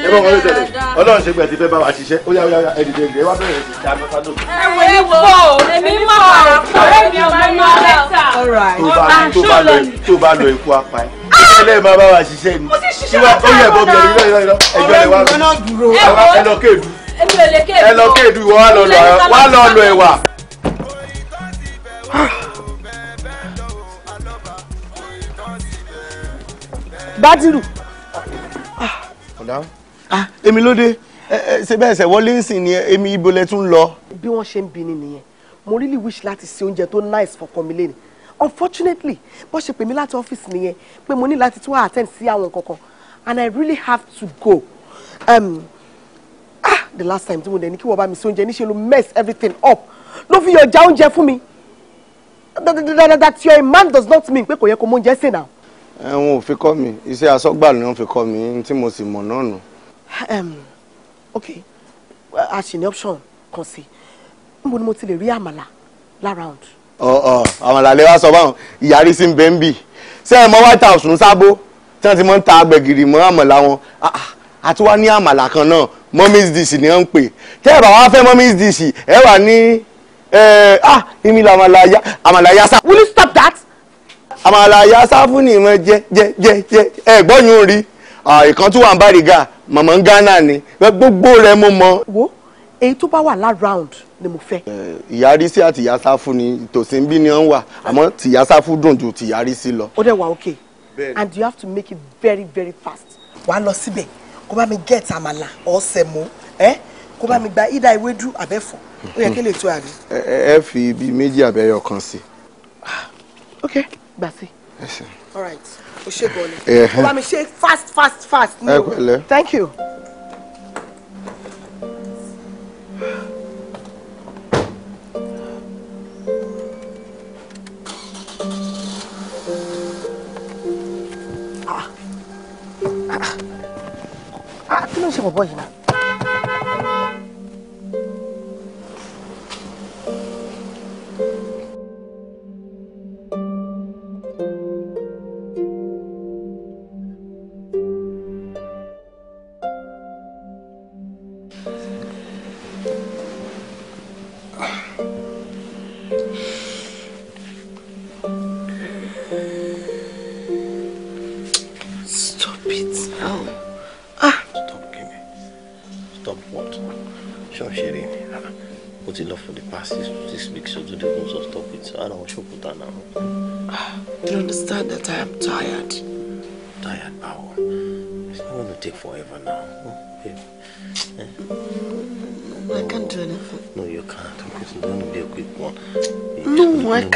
ẹ bọ́ wọlé tẹ̀lé ọlọ́run ṣe gbẹ̀dí fẹ́ bá wa ṣiṣẹ́ ó yá ó yá ẹ̀dìdì ẹ̀dìdì ẹ wá bẹ̀rẹ̀ sí ká mẹ́ta lò. ẹwẹ mi pọ èmi mọ ọ̀rẹ́ mi ọmọ mi lẹ́tà. tó bá lọ ikú apá ẹ ilé ah! ma bá wa ṣiṣẹ́ ni ṣíwá ó yẹ bọ́ bẹ̀rẹ̀ ilé ìlọ ẹgbẹ́ rẹ wá lọ ẹ lọ kéèdù ẹ lọ kéèdù wọ́n wá lọ lọ ẹ̀wà. bátìrù. ọ̀dà ah. èmi ló dé ṣe bẹ́ẹ̀ ṣẹ̀ wọlé ń sìn ni èmi ibo lẹ tún lọ. bí wọ́n ṣe ń bi ni nìyẹn mo really wish láti ṣe oúnjẹ tó nice fọkàn mi lẹ́nu unfortunately bó ṣe pè mí láti ọ́fíìsì nìyẹn pé mo ní láti tún attend sí àwọn kankan and i really have to go um, ah the last time tí mo dẹ̀ ní kí wọ́n bá mi ṣe oúnjẹ níṣẹ́ ló mess everything up ló fi yọjà oúnjẹ fún mi that that that your man does not mean pé kò yẹ kó mọ oúnjẹ sè náà ẹ̀wọ̀n ò fi kọ́ mi iṣẹ́ asọ́gbà ni wọ́n fi kọ́ mi tí mo sì mọ̀ náà nù. ok a sì ní option kan sí níbo ni mo ti lè rí àmàlà láround. àmàlà lè wá sọ báwọn ìyàrí sí ń ń bì ṣé ẹ̀ mọ́ white house ń sábó tí wọ́n ti mọ́ ń ta agbẹ̀gìrì mọ́ àmàlà wọn àti ah, ah, wá ní àmàlà kan náà mommy's dish ni wọ́n ń pè tẹ́ ẹ̀ bá wá fẹ́ mommy's dish ẹ̀ wà ní ah ìmìlà àmàlà ya àmàlà ya sá. will you stop that? àmàlà àyà sáfúnì mọ jẹ jẹ jẹ jẹ ẹ gbọ́yún rí ìkan tó wà ń Bariga mọ̀mọ́ ń Ghana ni gbogbo rẹ mo mọ. wo èyí tó bá wà lá round ni mo fẹ́. ìyárísí àti ìyásáfù ni tòsí ń bí ni wọ́n wà àmọ́ tìyásáfù dùn ju tìyárísí lọ. ó dẹ̀ wà okay and you have to make it very very fast. wàá lọ síbẹ̀ kó bá mi get àmàlà ọ̀sẹ̀ mọ́ ẹ́ kó bá mi gba ìdá ewédú àbẹ́fọ̀ ó yẹ kí lè tó àrí. ẹ ẹ fi ibi méjì àbẹ́yọ kan sí. Ah, okay gbà all right o eh, eh. ṣe bọ̀ọ̀lẹ̀ fast fast fast eh, thank you. Ah. ah, kí ló ń ṣe bọ̀bọ̀ yìí náà.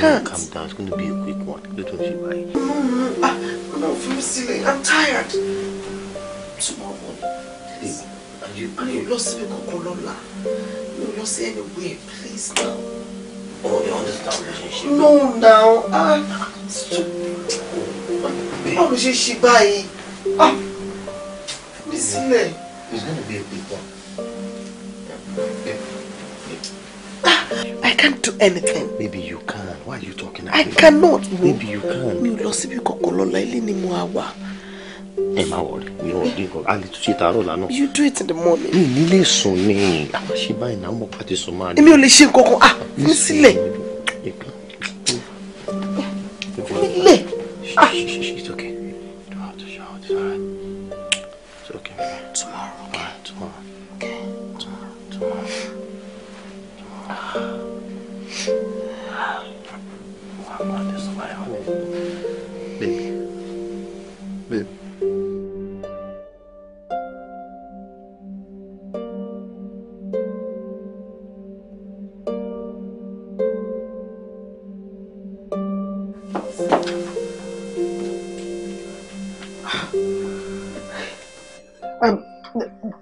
can't. Calm down. It's going to be a quick one. Let me see why. No, for me, silly. I'm tired. Tomorrow morning. Please. Are you, are you lost me, Kokolola? You lost me anywhere. Please, now. Oh, you understand relationship? No, now. Ah, stupid. Báwo ṣe ṣe báyìí? Ah, fi mí sílẹ̀. It's going to be a quick one. Yeah can't do anything. Baby, you can. Why are you talking about I baby? cannot. Maybe you can. Mi ò lọ síbi kankan lọ́la ilé ni mo á wà. Ẹ má mi ò dín kan. A lè tún ṣe tààrọ̀ lánàá. You do it in the morning. Mi ní lè sùn ni. Àwọn ṣe báyìí náà mo pàtẹ sùn máa ní. Èmi ò lè ṣe nǹkan Ah, mi sílẹ̀. Mi Ah. It's okay. You don't have to shout. It's all right. about um, this, my honey. Baby.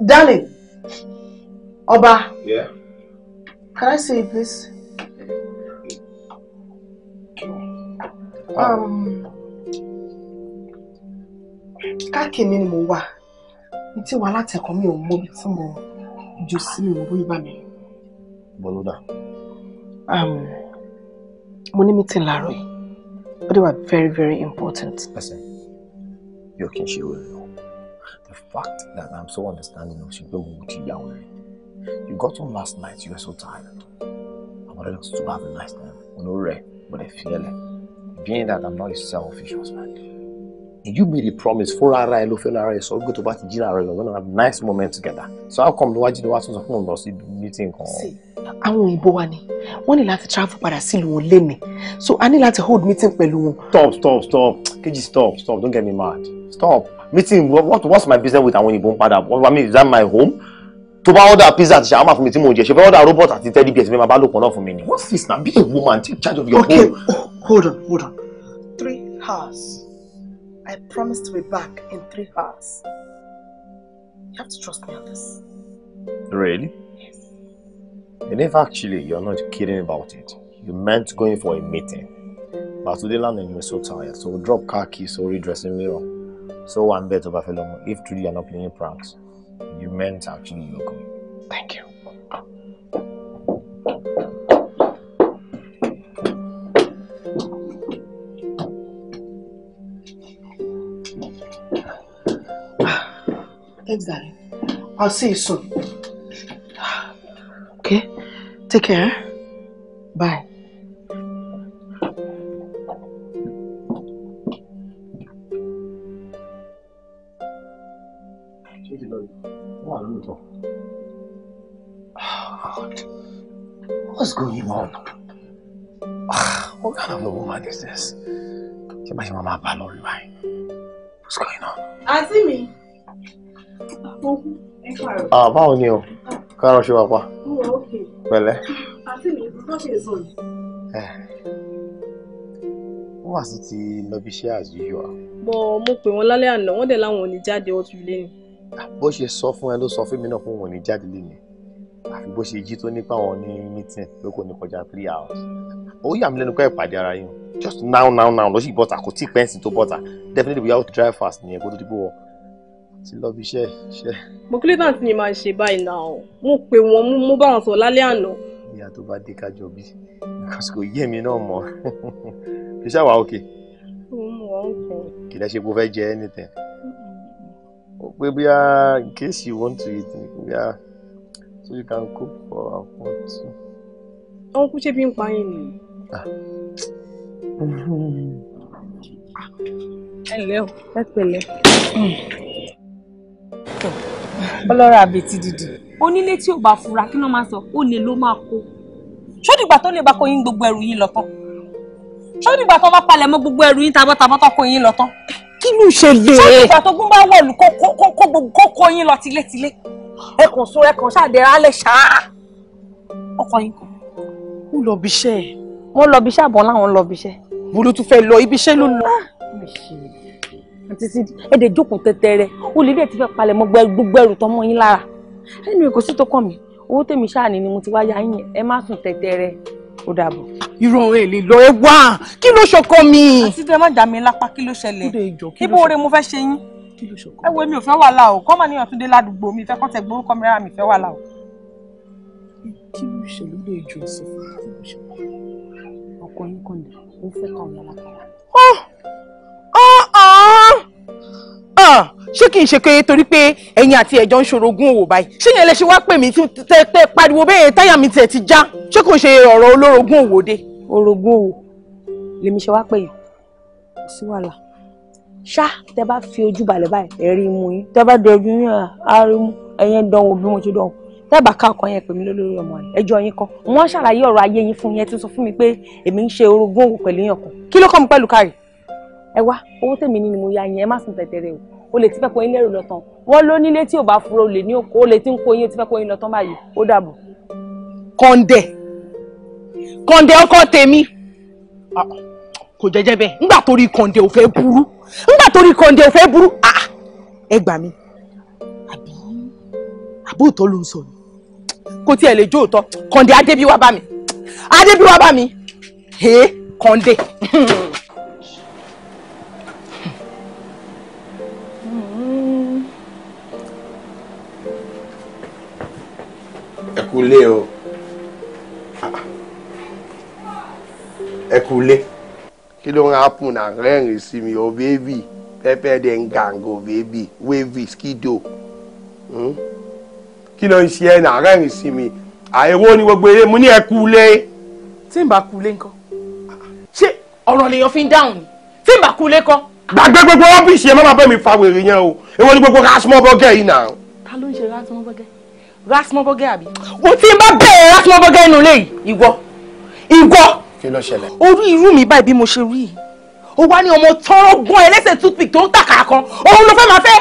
darling, Oba. Yeah. Can I see you, please? Um, káàkiri mi ni mo wà ní tí wàhálà tẹ̀kọ́ mi ò mọ ibi tí mo jù sí mi ò bóyá bá mi. bọ́lódà. Um, mo ní meeting láàárọ̀ yìí but they were very very important. person. yóò kí n ṣe wẹ̀rẹ̀ o the fact that i'm so understanding of ṣùgbọ́n mo ti yà wẹ̀rẹ̀ you got home last night you were so tired i wanted us to have a nice time on no rẹ but ẹ fi ẹ lẹ being that i'm not a selfish husband you made a promise for ara ẹ ló fẹ́ lára ẹ sọ wípé tó bá ti gonna have nice moments together so how come níwájú ni wàá tún sọ fún ọ̀nà sí meeting See, I'm òyìnbó wa ni wọ́n ní to travel padà sílùú wọn lẹ́mí so a ní to hold meeting with wọn. stop stop stop kejì stop stop don't get me mad stop meeting what what's my business with àwọn òyìnbó ń padà what i mean is that my home tó bá order pizza àti shawarma fún mi tí mo jẹ ṣe fẹ́ order robot àti teddy bear tí mi máa bá lò náà fún mi ni. what's this now be a woman take charge of your okay. home. okay oh, hold on hold on three hours i promise to be back in three hours you have to trust me on this. really. yes. and if actually you're not kidding about it you meant going for a meeting but today landing was so tired so drop car keys or redressing mirror so one bet of a fellow if truly you're not playing pranks. you meant actually Yoko. Thank you. Thanks, darling. I'll see you soon. Okay? Take care. Bye. wà lóòótọ́. God, what's going on? Ah, what kind of a woman is this? Ṣé bá ṣe máa máa What's going on? Àǹtí mi. Ah, báwo ni o? are you? wà pa. Pẹ̀lẹ́. Àǹtí mi, ìbùdó ṣe èso ni. Wọ́n wà sí ti lọ bí iṣẹ́ as usual. Bọ̀ mo pè wọ́n lálẹ́ àná, wọ́n dẹ̀ láwọn ò ní jáde ọtún ilé ni bó ṣe sọ fún ẹ ló sọ fún mi náà fún òun ní jáde lé mi àfi bó ṣe jí tó nípa wọn ní meeting ló kò ní kọjá three hours ó yà mí lẹ́nu pé ìpàdé ara yín just now now now lọ sí bọ́tà kò tí pẹ́ǹsì tó bọ́tà definitely we have to drive fast nìyẹn kó tó dìbò wọ ti lọ bí iṣẹ́ iṣẹ́. mo kí ló náà ti ní máa ṣe báyìí náà mo pè wọn mo bá wọn sọ lálẹ́ àná. ìyá tó bá dé kájọ bí because kò yé mi náà mọ fi ṣáà wà ókè. mo mọ̀ ọ́n kọ́. kìlẹ̀ ṣe kó fẹ́ jẹ anything pé bóyá in case you want to eat bóyá so you can cook for our pot too. ọ̀hún kú ṣe bí ń pa yín ni. Ah. ẹ ǹlẹ́ o ẹ pẹ̀lẹ́. ọlọ́rọ̀ àbètí dìdì. onílé tí ò bá fura kí ló máa sọ ó lè ló máa kó ṣó dìgbà tó lè bá kó yín gbogbo ẹrù yín lọ tán ṣó dìgbà tó bá palẹ̀ mọ́ gbogbo ẹrù yín tabọ́tabọ́ tó kó yín lọ tán kí ló ṣẹlẹ̀. ṣé ìgbà tó gún bá wọ̀lú kókó yín lọ tilétilé ẹ kàn sún ẹ kàn ṣàdẹ̀rẹ̀ alẹ́ ṣáá ọkọ yín kan. wọ́n lọ bí iṣẹ́ ẹ̀. wọ́n lọ bí iṣẹ́ àbọ̀ láwọn lọ bí iṣẹ́. wo ló tún fẹ́ lọ ibi iṣẹ́ ló lọ. Ah! àti sí ẹ̀dẹ̀ jókòó tẹ́tẹ́rẹ́ ó lè dẹ̀ ti fẹ́ palẹ̀ mọ́ gbogbo ẹrù tọmọ yín lára ẹnu kò sí tó kàn mí owó tèmi ṣáà ni mo ti wá yá yín ẹ má sùn tẹ́tẹ́rẹ́ ó dàbọ̀. irọ́ ẹ lè lọ ẹ wá kí ló ṣọkọ mi. àti tẹ má dà mí lápá kí ló ṣẹlẹ̀ ibo oore mo fẹ́ ṣe yín ẹ wo mi ò fẹ́ wàhálà o kọ́ mà níyàn tún dé ládùúgbò mi fẹ́ kọ́ tẹ gbórúkọ mi rárá mi fẹ́ wàhálà o. kí ló ṣẹlẹ̀ ló jọ sí ọkọ yín kàn dé ó fẹ́ kàn mí Ah, ṣé kì í ṣe pé torí pé ẹ̀yin àti ẹ̀jọ́ ń ṣorogún òwò báyìí ṣé yẹn lè ṣe wá pè mí tẹ pariwo bẹ́ẹ̀ táyà mi tiẹ̀ ti já ṣé kò ń ṣe ọ̀rọ̀ olórogún òwò dé. orogún òwò lèmi ṣe wá pè yàn kò sí wàhálà ṣá tẹ bá fi ojú balẹ̀ báyìí ẹ̀rí imú yín tẹ bá dẹ ojú yín àárímú ẹ̀yẹn dánwò bí wọ́n ti dánwò tẹ́bà ká ọkàn yẹn pè mí lólórí ọmọ rẹ̀ ẹjọ́ yín kan wọ́n ṣàlàyé ọ̀rọ̀ ayé yín fún yẹn tí sọ fún mi pé èmi ń ṣe orogún òwò pẹ̀lú yàn kan kí ló kọ́ mi pẹ̀lú kárì ẹ wá owó tèmi ni mo ya yẹn ẹ má sùn tẹ̀tẹ̀rẹ̀ o o lè ti fẹ́ kó yín lẹ́rù lọ tán wọ́n ló nílé tí ò bá fura o lè ní oko o lè ti ń kó yín o ti fẹ́ kó yín lọ tán báyìí ó dàbọ̀. kọ̀ǹdẹ̀ kọ̀ǹdẹ̀ ọkọ tèmi ah, kò jẹjẹ bẹ́ẹ̀ ńgbà torí kọ̀ǹdẹ̀ ò fẹ́ burú ńgbà torí kọ̀ǹdẹ̀ ò fẹ́ burú ah, ah. ẹ gbà mí àbí àbóòtọ́ ló ń sọ ni kò tiẹ̀ lè jó òótọ́ kọ̀ǹdẹ̀ adébíwá bá mi adébíwá bá mi hé kọ̀ǹdẹ̀. kú lé o ẹ kú lé. kí ló ń happen na rẹ́rìn sí mi o bébì pẹ́pẹ́ dẹ̀ ń gàǹgò bébì wavy skido hmm? kí ló ń ṣe ẹ na rẹ́rìn sí mi àìwó ni gbogbo eré mo ní ẹ kú tí n bá kú lé ṣé ọ̀rọ̀ lèèyàn fi ń dáhùn ni tí n bá kú lé kọ́. gbàgbé gbogbo ọ́fíìsì ẹ má máa bẹ́ mi fa wèrè yẹn o èwo ni gbogbo rasmọ́ bọ́gẹ́ yìí nà. ta ló ń ṣe rasmọ́ rásmọ́bọ́gẹ́ àbí. o ti bá bẹ̀rẹ̀ rásmọ́bọ́gẹ́ inú ilé yìí ìwọ ìwọ. kí ló ṣẹlẹ̀. orí irú mi bayi bí mo ṣe rí i ó wá ní ọmọ tọrọ gbọ́n ẹlẹ́sẹ̀ toothpick tó ń tàkà kan òun ló fẹ́ máa fẹ́.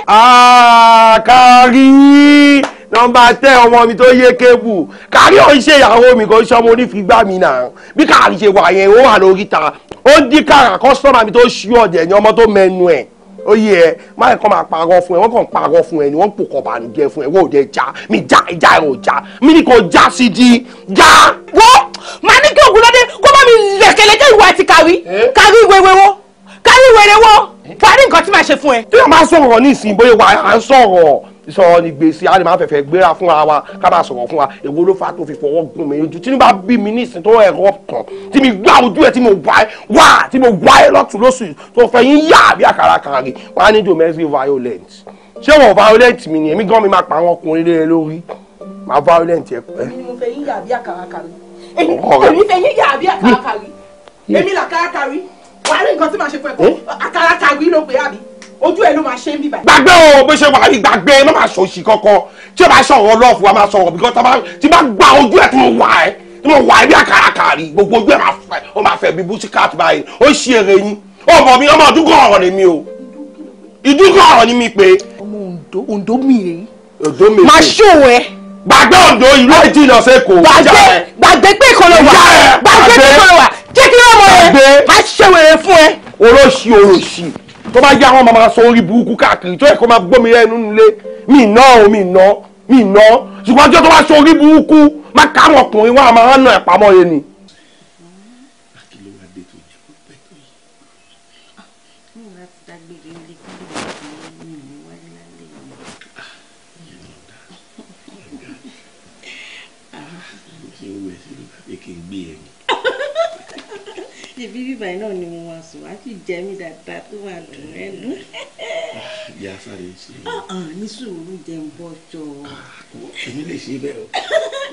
àkàrí nọmba tẹ ọmọ mi tó yé kébù kárí òun ṣe ìyàwó mi kò ṣọmọ onífigbá mi náà bí kárí ṣe wà yẹn ó wà lórí ta ó dín kàrà kọ́sọ́mà mi tó ṣú ọ̀dẹ̀ ní ọmọ tó mẹ́nu ẹ̀ ó yẹ ẹ má kàn máa parọ́ fún ẹ wọ́n kàn parọ́ fún ẹ ni wọ́n pòkọ̀ bànújẹ́ fún ẹ wọ́n ò dẹ já mi já ìjà ẹ ò já mi ní kò já sí di já. wọ́n máa ní kí Ògúnládé kó bá mi lẹ̀kẹ̀lẹ̀kẹ̀ ìwà àti kàwí eh? kàwí wẹ́wẹ́ wọ́n kàwí wẹ́rẹ́ wọ́n parí nǹkan tí màá ṣe fún ẹ. tí wọ́n bá sọ̀rọ̀ ní ìsìn bóyá wà á sọ̀rọ̀ sọ ni gbèsè a lè máa fẹ̀fẹ̀ gbéra fún ara wa ká máa sọ̀rọ̀ fún wa èwo ló fa tó fi fọwọ́ gún mi ojú tí ní bá bí mi ní ìsìn tó ẹ̀rọ kàn tí mi gbá ojú ẹ̀ tí mo wá ẹ wá tí mo wá ẹ lọ́tún lóṣù tó fẹ́ yín yá àbí àkàrà kan rè wọ́n á ní domestic violent ṣé wọ́n violent mi ni èmi gan mi máa pa àwọn ọkùnrin lé lórí máa violent ẹ pẹ́. èmi fẹ́ yín yá àbí àkàrà kan rè èmi fẹ́ yín yá àbí àkàrà kan rè èmi làkàrà kan rè wàá rí nǹkan tí màá ṣe fún ẹ ojú ẹ ló máa ṣe ń bíbà. gbàgbé o bó ṣe wà rí gbàgbé má máa sọ òṣì kankan tí o bá ṣe ọ̀rọ̀ lọ́ọ̀fù wa máa sọ ọ̀rọ̀ bíkọ́ tí bá gba ojú ẹ tó ń wà ẹ́ tí mo wà ẹ́ bí àkàràkàrì gbogbo ojú ẹ máa fẹ́ bí bùsíkàtì báyìí ó ṣe eré yín ọmọ mi ọmọ ìdúgbò ọ̀rọ̀ ni mi o ìdúgbò ọ̀rọ̀ ni mi pé. ọmọ òǹdó òǹdó mìíràn. òǹdó mìíràn. òǹdó ìlú èjì lọ máa ṣèwèrè tó bá yá wọn máa máa sọ orí burúkú káàkiri tó yẹ kó máa gbómi rẹ nínú ilé mi ná o mi ná mi ná ṣùgbọ́n tí o tó bá sọ orí burúkú má ká àwọn ọkùnrin wọn àmọ́ wọn náà pamọ́ yẹn ni. ibi bíbá iná ni mo wá sùn àti jẹ mí dáadáa tó wà dùn lẹ́nu. Ah, ìyá sáré ṣe. Ah, ah, ní sùúrù jẹ ń bọ́ ṣọ. èmi lè ṣe bẹ́ẹ̀ o.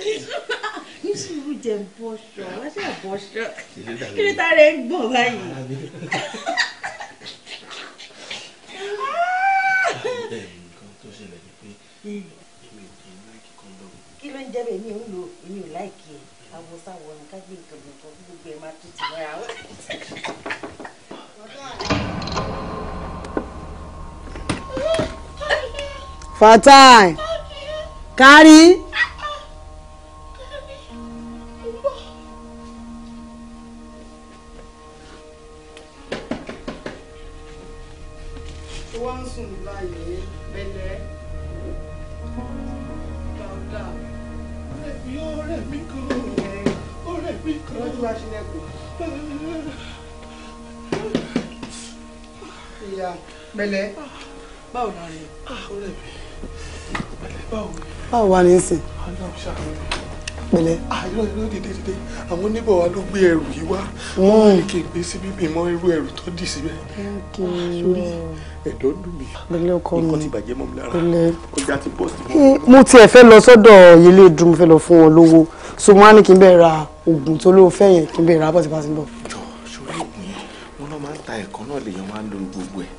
ní sùúrù jẹ ń bọ́ ṣọ wá sí àbọ̀ ṣọ kí ló ta rẹ̀ ń gbọ̀n báyìí. Fatai. Carry. wá ní sìn. pẹ̀lẹ́. àìrọ̀ ah, ìrọ̀ dìde dìde àwọn oníbọ̀ wa ló gbé ẹrù yìí wá wọ́n wá ní kí n gbé e síbí mi mọ́ irú ẹrù tó dì síbẹ̀. Ah, sórí ẹ̀dọ́ dùn mí. pẹ̀lẹ́ ọkọ mi nǹkan ti bàjẹ́ mọ́ mi lára ọjà ti bọ́ sí mi. Eh, mo tiẹ̀ fẹ́ lọ sọ́dọ̀ ilé ìdùn mo fẹ́ lọ fún wọn lówó so mo á ní kí n bẹ̀ẹ̀ ra oògùn tó lóun fẹ́ yẹn kí n bẹ̀ẹ̀ ra bọ́sibọ́sí bọ̀. jọ wọn máa ń ta ẹ̀kọ́ náà lèèyàn máa ń lo gbogbo ẹ̀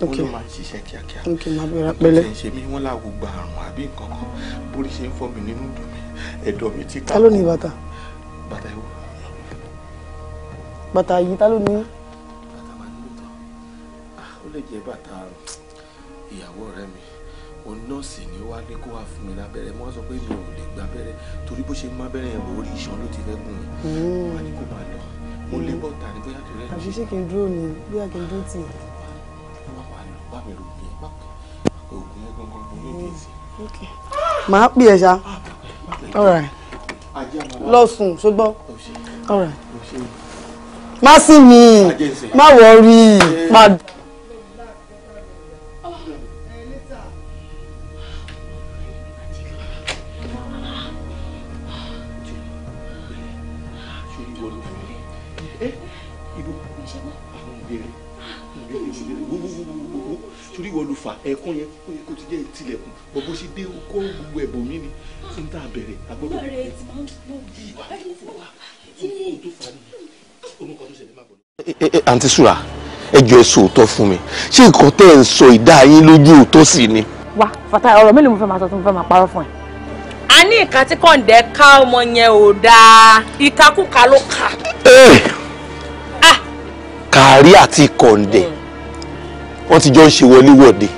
wọ́n ló máa ń ṣiṣẹ́ kíákíá wọ́n ti ń ṣe mí wọ́n láwo gba àrùn àbí nǹkan kan bórí ṣe ń fọ́ mi nínú dùn mí ẹ̀dọ̀ mi ti ká. ta ló ní bàtà. bàtà yìí wò. bàtà yìí ta ló ní. bàtà máa ń lò tán ó lè jẹ́ bàtà ìyàwó ọ̀rẹ́ mi òun nọ́ọ̀sì ni ó wá ní kó wá fún mi lábẹ́rẹ́ wọ́n sọ pé mi ò lè gba abẹ́rẹ́ torí bó ṣe má bẹ́rẹ̀ yẹn orí iṣan ló ti fẹ́ gùn mí hmm. wọ́n á ní kó máa lọ mo lé bọ́ta ní bóyá tó rẹ̀ jù. àbí ṣé kí n dúró ni bóyá kí n dúró tì í bá mi rò yẹn má pè oògùn yẹn gangan mo ní ìdí ẹsẹ. màá pè ẹ ṣá lọ sùn ṣùgbọ́n má sí mi má wọrí má. fà ẹkún yẹn ó yẹ kó ti jẹ́ ìtìlẹ̀kùn bọ́ bó ṣe dé kó gbogbo ẹ̀bùn mi ni fún tá a bẹ̀rẹ̀ agbọ́dọ̀. àǹtí sùrà ẹ ẹ sòótọ́ fún mi ṣé nǹkan tẹ́ ẹ̀ ń sọ ìdá yín lójú òótọ́ sí ni. wá fata ọ̀rọ̀ mélòó mo fẹ́ máa sọ tí mo fẹ́ máa parọ́ fún ẹ. a ní ìka tí kọ̀ǹdẹ́ ká ọmọ yẹn ò dáa ìkakúka ló kà. Eh! Ah! kàrí àti kọ̀ǹdẹ́. Mm wọ́n ti jọ ń ṣe wọléwọ̀de.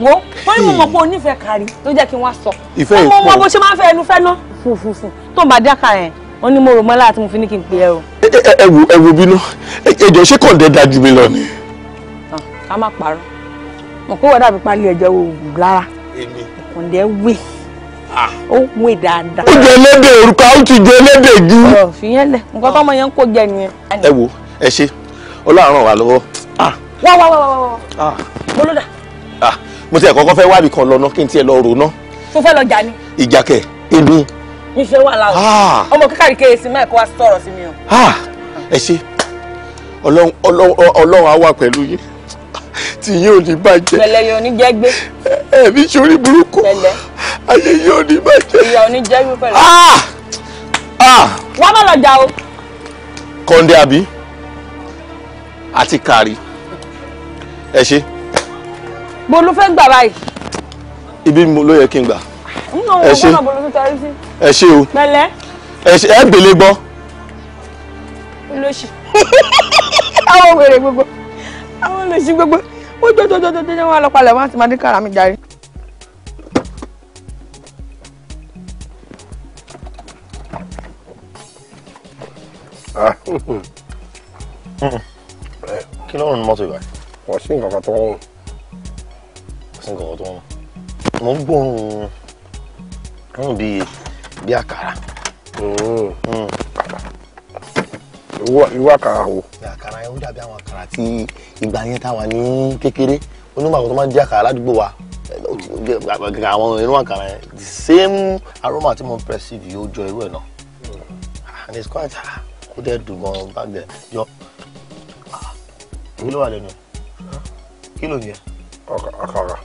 wo wọ́n ní mo mọ̀ pé o nífẹ̀ẹ́ kárí tó jẹ́ kí wọ́n sọ. ìfẹ́ ìpọ̀ mo mọ bó ṣe máa ń fẹ́ ẹnu fẹ́ ná fùfùfù tó ń bá dáka yẹn wọ́n ní mo rò mọ́lá àti mo fi ní kí n pè ẹ́ o. ẹ wo ẹ wo bínú ẹjọ ṣé kò dé dájú mi lọ ni. ká má parọ́ mọ̀ pé wọ́n dàbí pálí ẹ̀jẹ̀ wo rárá kòndé wè ó wè dáadáa. ó jẹ ẹlẹ́dẹ̀ orúkọ àwọn ti jẹ ẹlẹ́dẹ̀ ju. fìyẹn lẹ nǹkan tọ́mọ yẹn ń kó jẹ nìyẹn. ẹ wo ẹ ṣe ọlọ́run ràn wá lọ́wọ́ ah wá wá wá wá wá ah. mo ló dà. Ah, mo ti ẹ̀ kọ́kọ́ fẹ́ wá ibì kan lọ ná kí n tiẹ̀ lọ rò ná. tó fẹ́ lọ jà ni. ìjà kẹ̀ èmi. mi ṣe wà láwọn ah. ọmọ kíkàrí kéèsì máa kó wá sọ̀rọ̀ sí mi o. ẹ ṣe ọlọ́run á wà pẹ̀lú yín tí yín ò ní bàjẹ́. pẹ̀lẹ́ yóò ní jẹ́ gbé. ẹ̀mí sórí burúkú. pẹ̀lẹ́. ayé yín ò ní bàjẹ́. ìyá ò ní jẹ́ gbé pẹ̀lẹ́. wọ́n bá lọ jà o. kọ́ńdé àbí àti kàrí ẹ ṣe. mo ló fẹ́ gbà báyìí. ibi ló yẹ kí n gbà. ẹ ṣe ẹ ṣe o. pẹ̀lẹ́. ẹ ṣe ẹ gbélé gbọ́. olóṣì àwọn wèrè gbogbo àwọn olóṣì gbogbo ó jọ jọ jọ jọ wọn lọ palẹ̀ wọn àti máa dín kàrà mi jàre. Ah, hmm, hmm. kí ló ń mọ́tò ìbàdàn kò sí nǹkan kan tó ń kò sí nǹkan kan tó ń mo ń gbóhùn ọ̀hún bíi bíi àkàrà. irú àkàrà wo. àkàrà yẹn ó dàbí àwọn àkàrà tí ìgbà yẹn táwa ní kékeré onímọ̀ àwọn tó máa ń jẹ́ àkàrà ládùúgbò wa àwọn the same aroma tí mo ń perceive yóò jọ irú ẹ̀ náà and it's quite ó dẹ̀ dùn gan-an bá gbẹ̀ yọ. kí ló wà lẹ́nu? kí ló ń jẹ. àkàrà.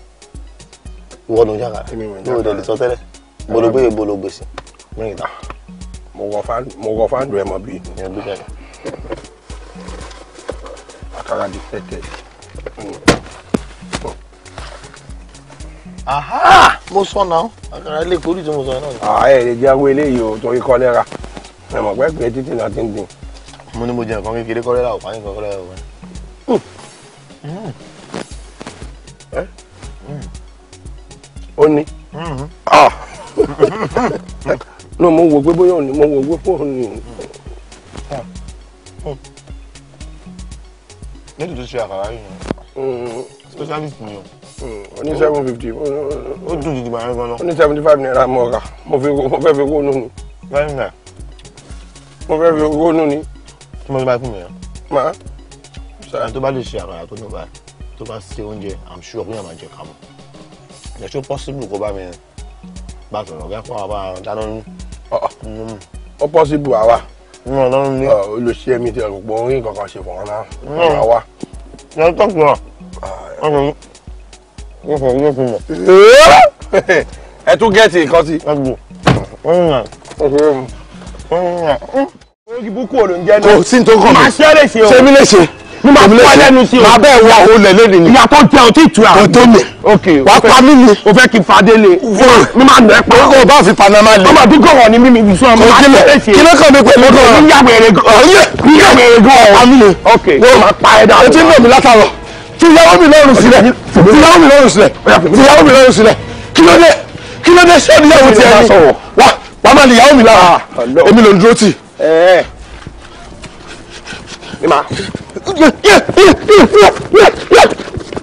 ìwọ ló ń jẹ àkàrà ní òde ìlú tọ́tẹ́lẹ̀ bologbe bologbe sí. bring it down. mo wọ fáńdù ẹ mọ bí. àkàrà defected. aha mo sọ náà àkàrà ilé ìkórè tí mo sọ náà. ààyè lè jẹ́ àwọn eléyìí o torí kọ́lẹ́ra ẹ̀mọ̀ pẹ́pẹ́ títí náà ti ń dín. mo ní mo jẹ nǹkan kékeré kọ́lẹ́ra ò pa nǹkan kọ́lẹ́ra ò pa ó ní ah. náà mo wò pé bóyá òní mo wò pé fóònù ni. Ah. Hmm. nítorí tó ṣe àkàrà yìí hmm. specialist ni o. Hmm. ó ní seven fifty. ó dùn jìjì bàrẹ̀ gan-an. ó ní seventy five naira mo rà mo fẹ́ fi wónú ni. báyìí nà. mo fẹ́ fi wónú ni. tí mo bá fún mi yẹn. màá. sọ̀rọ̀ tó bá lè ṣe àkàrà tó nù báyìí tó bá ṣe oúnjẹ i'm sure pé máa jẹ ká mọ̀ ṣó possible kó bá mi bá sọ̀rọ̀ kí wọ́n bá dáná nínú. ó possible àwa olùṣe mi ti ọ̀pọ̀ orin kankan ṣe fọ̀rọ̀ náà àwa. yẹ tó kù ọ yóò yóò fún mọ. ẹ tún gẹ́ẹ̀tì nǹkan sí. orí búkú ò ló ń jẹ́ náà. kò sí ní tó kàn mí ṣé mi lè ṣe ni ma ma bẹ́ẹ̀ wá o lẹ̀ lónìí ni ìyàtọ̀ jẹ o ti tu àwọn. kò tó mi ok wàá pa mí ni. o fẹ́ kí n fa délé. mi máa nà ẹ pa. o bá fi fana máa lè. ọmọ àdúgbò wọn ni mímí ìṣó ọmọ máa tẹ̀lé ṣe. kílẹ̀ kan mi pẹ̀lú ọ̀rọ̀ rẹ̀. níyàwó èrè gan ọ̀ àmì ni. ok yóò máa pa ẹ dáadáa. o ti ń lò mí látàrọ. tìyàwó mi lọ́rùn sílẹ̀ tìyàwó mi lọ́rùn sílẹ̀ tìyàwó mi lọ́rùn sílẹ̀ kí ló dé kí ló dé ṣé ìyàwó tiẹ̀ ni wà wà á máa lè yàwó mi lára ah, èmi ló ń dúró tì. Eh ni màá.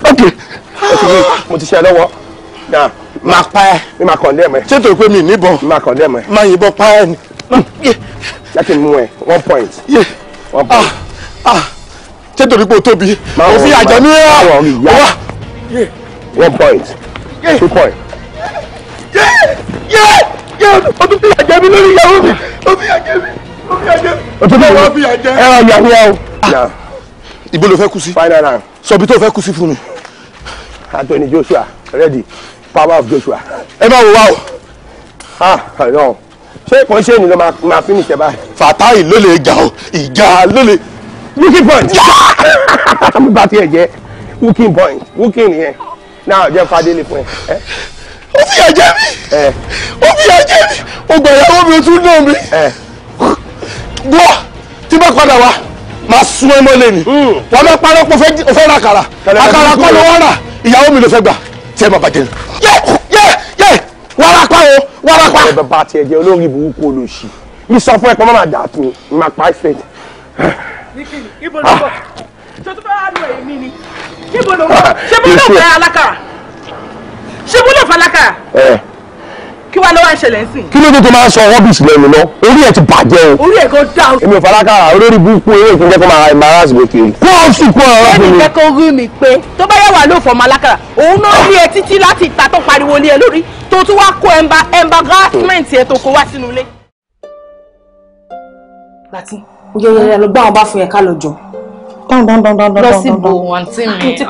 okay mo ti ṣe ẹ lọ́wọ́ máa pa ẹ. mi máa kàn dẹ́mọ̀ ẹ. ṣé tó pé mi níbọn. mi máa kàn dẹ́mọ̀ ẹ. máa yìnbọn pa ẹ ni. láti mú ẹ one point. one point. Ah, ah. ṣé torí pé o tóbi. o fi àjẹ ní ẹ wá. one point two point. o tún fi mi lórí ìyàwó mi o fi àjẹ mi ẹ wà yà wíwá o. Ah. ibo ló fẹ́ kú sí. final round. sọ bí tó fẹ́ kú sí fún mi. Anthony Joshua ready power of Joshua. ẹ máa wò wá o. ah ọ̀nà ṣé kò ṣe ènìyàn máa máa finish ẹ báyìí. Fatai ló lè jà o ìjà ló lè. wooking point. mo bá tiẹ̀ jẹ́ wooking point wooking nìyẹn náà jẹ́ fadélé fún ẹ ó fìyà jẹ mí ó fìyà jẹ mí ó gbà ìyàwó mi ó tún náà mi gbọ́ tí bá padà wá hmm. máa sún ẹmọ lé ni wọn bẹ parọ́ pé o fẹ́ ra àkàrà àkàrà kọ́ ló wọ́n rà ìyàwó mi ló fẹ́ gbà tí ẹ máa bàjẹ́ ni. yẹ yẹ yẹ wàràpá o wàràpá. ẹ bàbá tiẹ̀ jẹ́ olórí burúkú olóṣì mi sọ fún ẹ pé mọ́mọ́ àdá tó ń máa pa ẹ̀fẹ̀. ibo ló bọ̀ tó tó bá wà lọ èmi ni ibo ló bọ̀ ṣé mo lè fẹ́ alákàrà ṣé mo lè fẹ́ alákàrà kí wàá lọ́wọ́ ìṣẹ̀lẹ̀ sí. kí ló dé tó máa ń sọ rubbish lẹ́nu lọ orí ẹ̀ ti bàjẹ́ o. orí ẹ̀ kò dá o. èmi ò falákàrà olórí burúkú eré ìpínlẹ̀ kó máa embarrass mi kiri. kó o sì kó ọ̀rọ̀ mi. ẹnì kẹ́kọ̀ọ́ rí mi pé tó bá yẹ wà ló fọmọ alákàrà òun náà rí ẹ títí láti ìta tó pariwo lé ẹ lórí tó tún wá kó embarrassment ẹ tó kó wá sínú ilé. láti yẹyẹ lọ gbá wọn bá fún yẹ ká lọ jọ. lọ sí bo àǹtí mi. kí n tí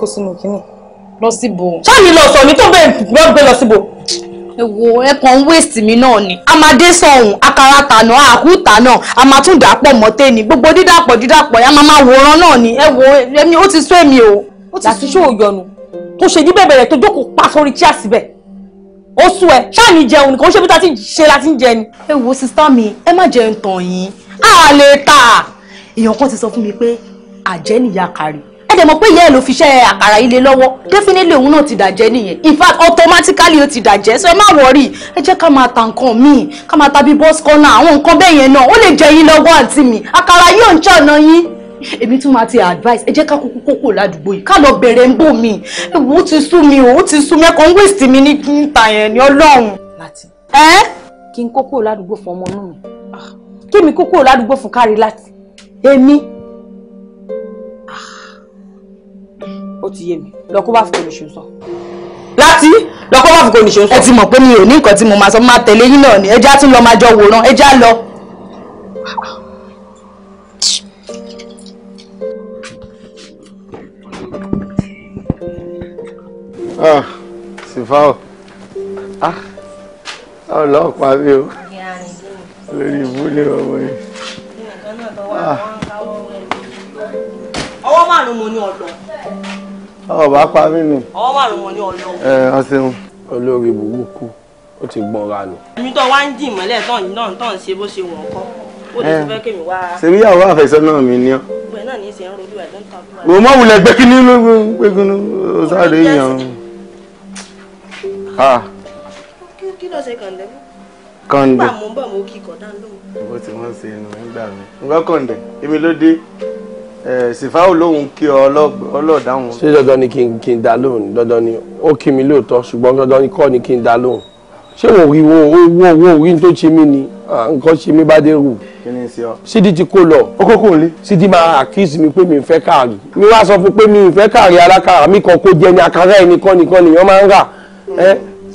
kò ṣe ah. ń lọ sí bo. ṣáà ní lọ sọ ní tó bẹ́ẹ̀ gbé lọ sí bo. Ewo wo waste mi náà ni a máa dé sọ̀hún akara tànà àkúta náà a máa tún dàpọ̀ mọ́tẹ́ ni gbogbo dídàpọ̀ dídàpọ̀ ẹ máa máa wòran náà ni ẹ wo ẹmi ó ti sún èmi o. láti ṣó òyọnu tó ṣe jíbẹ̀ bẹ̀rẹ̀ tó jókòó pa sórí chair síbẹ̀ ó sú ẹ ṣáàní jẹun nìkan ó ṣe bí tá a ti ṣe la ti ń jẹ ni. ẹ sista mi ẹ má jẹun tàn yín a lè ta èèyàn kan ti sọ fún mi pé àjẹ́ nìyá kárí ẹ̀dẹ̀ mọ̀ pé ìyá ẹ̀ ló fi iṣẹ́ àkàrà ilé lọ́wọ́ definitely òun náà ti dàjẹ́ nìyẹn in fact automatically ó ti dàjẹ́ so ẹ má wọrí ẹ jẹ́ ká máa ta nǹkan míì ká máa ta bí bọ́s kọ́nà àwọn nǹkan bẹ́ẹ̀ yẹn náà ó lè jẹ yín lọ́wọ́ àǹtí mi àkàrà yóò ń ṣàna yín èmi tún máa ti advice ẹ jẹ́ ká kúkú kókò ládùúgbò yìí ká lọ bẹ̀rẹ̀ ń bò mí ó ti sú mi ó ti sú mi ẹ̀kọ́ ń waste mi níta yẹn ni ọlọ́run. láti ẹ kí n kókò ládùúgbò fún ọmọ inú ah, kí mi kókò ládùúgbò fún kárí láti èmi ó ti yé mi lọ kó bá fi kò ní ṣe sọ láti lọ kó bá fi kò ní ṣe sọ. ẹ ti mọ̀ pé mi ò ní nǹkan tí mo máa sọ máa tẹ̀lé yín náà ni ẹ já tún lọ máa jọ wòran ẹ já lọ. Ah, Sifao. Ah, ọlọ́pàá mi o. Lórí ìbúlé ọmọ yìí. Ah. Ọwọ́ márùn-ún mo ní ọlọ́pàá ọba pa mí nù. ọwọ́ wà lọ́wọ́ ní ọlọ́wọ́. ẹ ọ ṣeun olórí burúkú ó ti gbọ́n ra lọ. èmi tó wá ń dì mọ́lẹ̀ tó ń náà tó ń ṣe bó ṣe wọ̀n kọ́ ó ti fẹ́ kémi wá. ṣèbí ìyàwó àfẹ́sọ́nà mi ni ọ́. gbogbo ẹ̀ náà ní í ṣe ń rojú ẹ̀ ló ń takú ẹ̀. mọ̀mọ́ wulẹ̀ gbé kí ní gbégunú sáré yàn. kí ló ṣe kàndé. kàndé. nígbà mo bọ̀ mo kí kọ̀ dá lóhùn. bó ti wọ́n ṣe nù nígbà mi. nǹkan kàndé èmi ló dé. Eh, sìfáwò lòun kí ọ ọlọ́dáhùn. ṣé dandan ni kí n dá lóhùn dandan ni ó kí mi lóòótọ́ ṣùgbọ́n dandan ni kọ́ ni kí n dá lóhùn ṣé wò rí wo owó owó orí tó ṣe mí ni nǹkan ṣe mí bá dé rù. sídi ti kó lọ sídi máa àkíyèsí mi pé mi ń fẹ́ káàrí mi wá sọ fún pé mi ń fẹ́ káàrí alákàrà mi kàn kó jẹ ní àkàrà ẹnìkan nìkan nìyẹn máa ń rà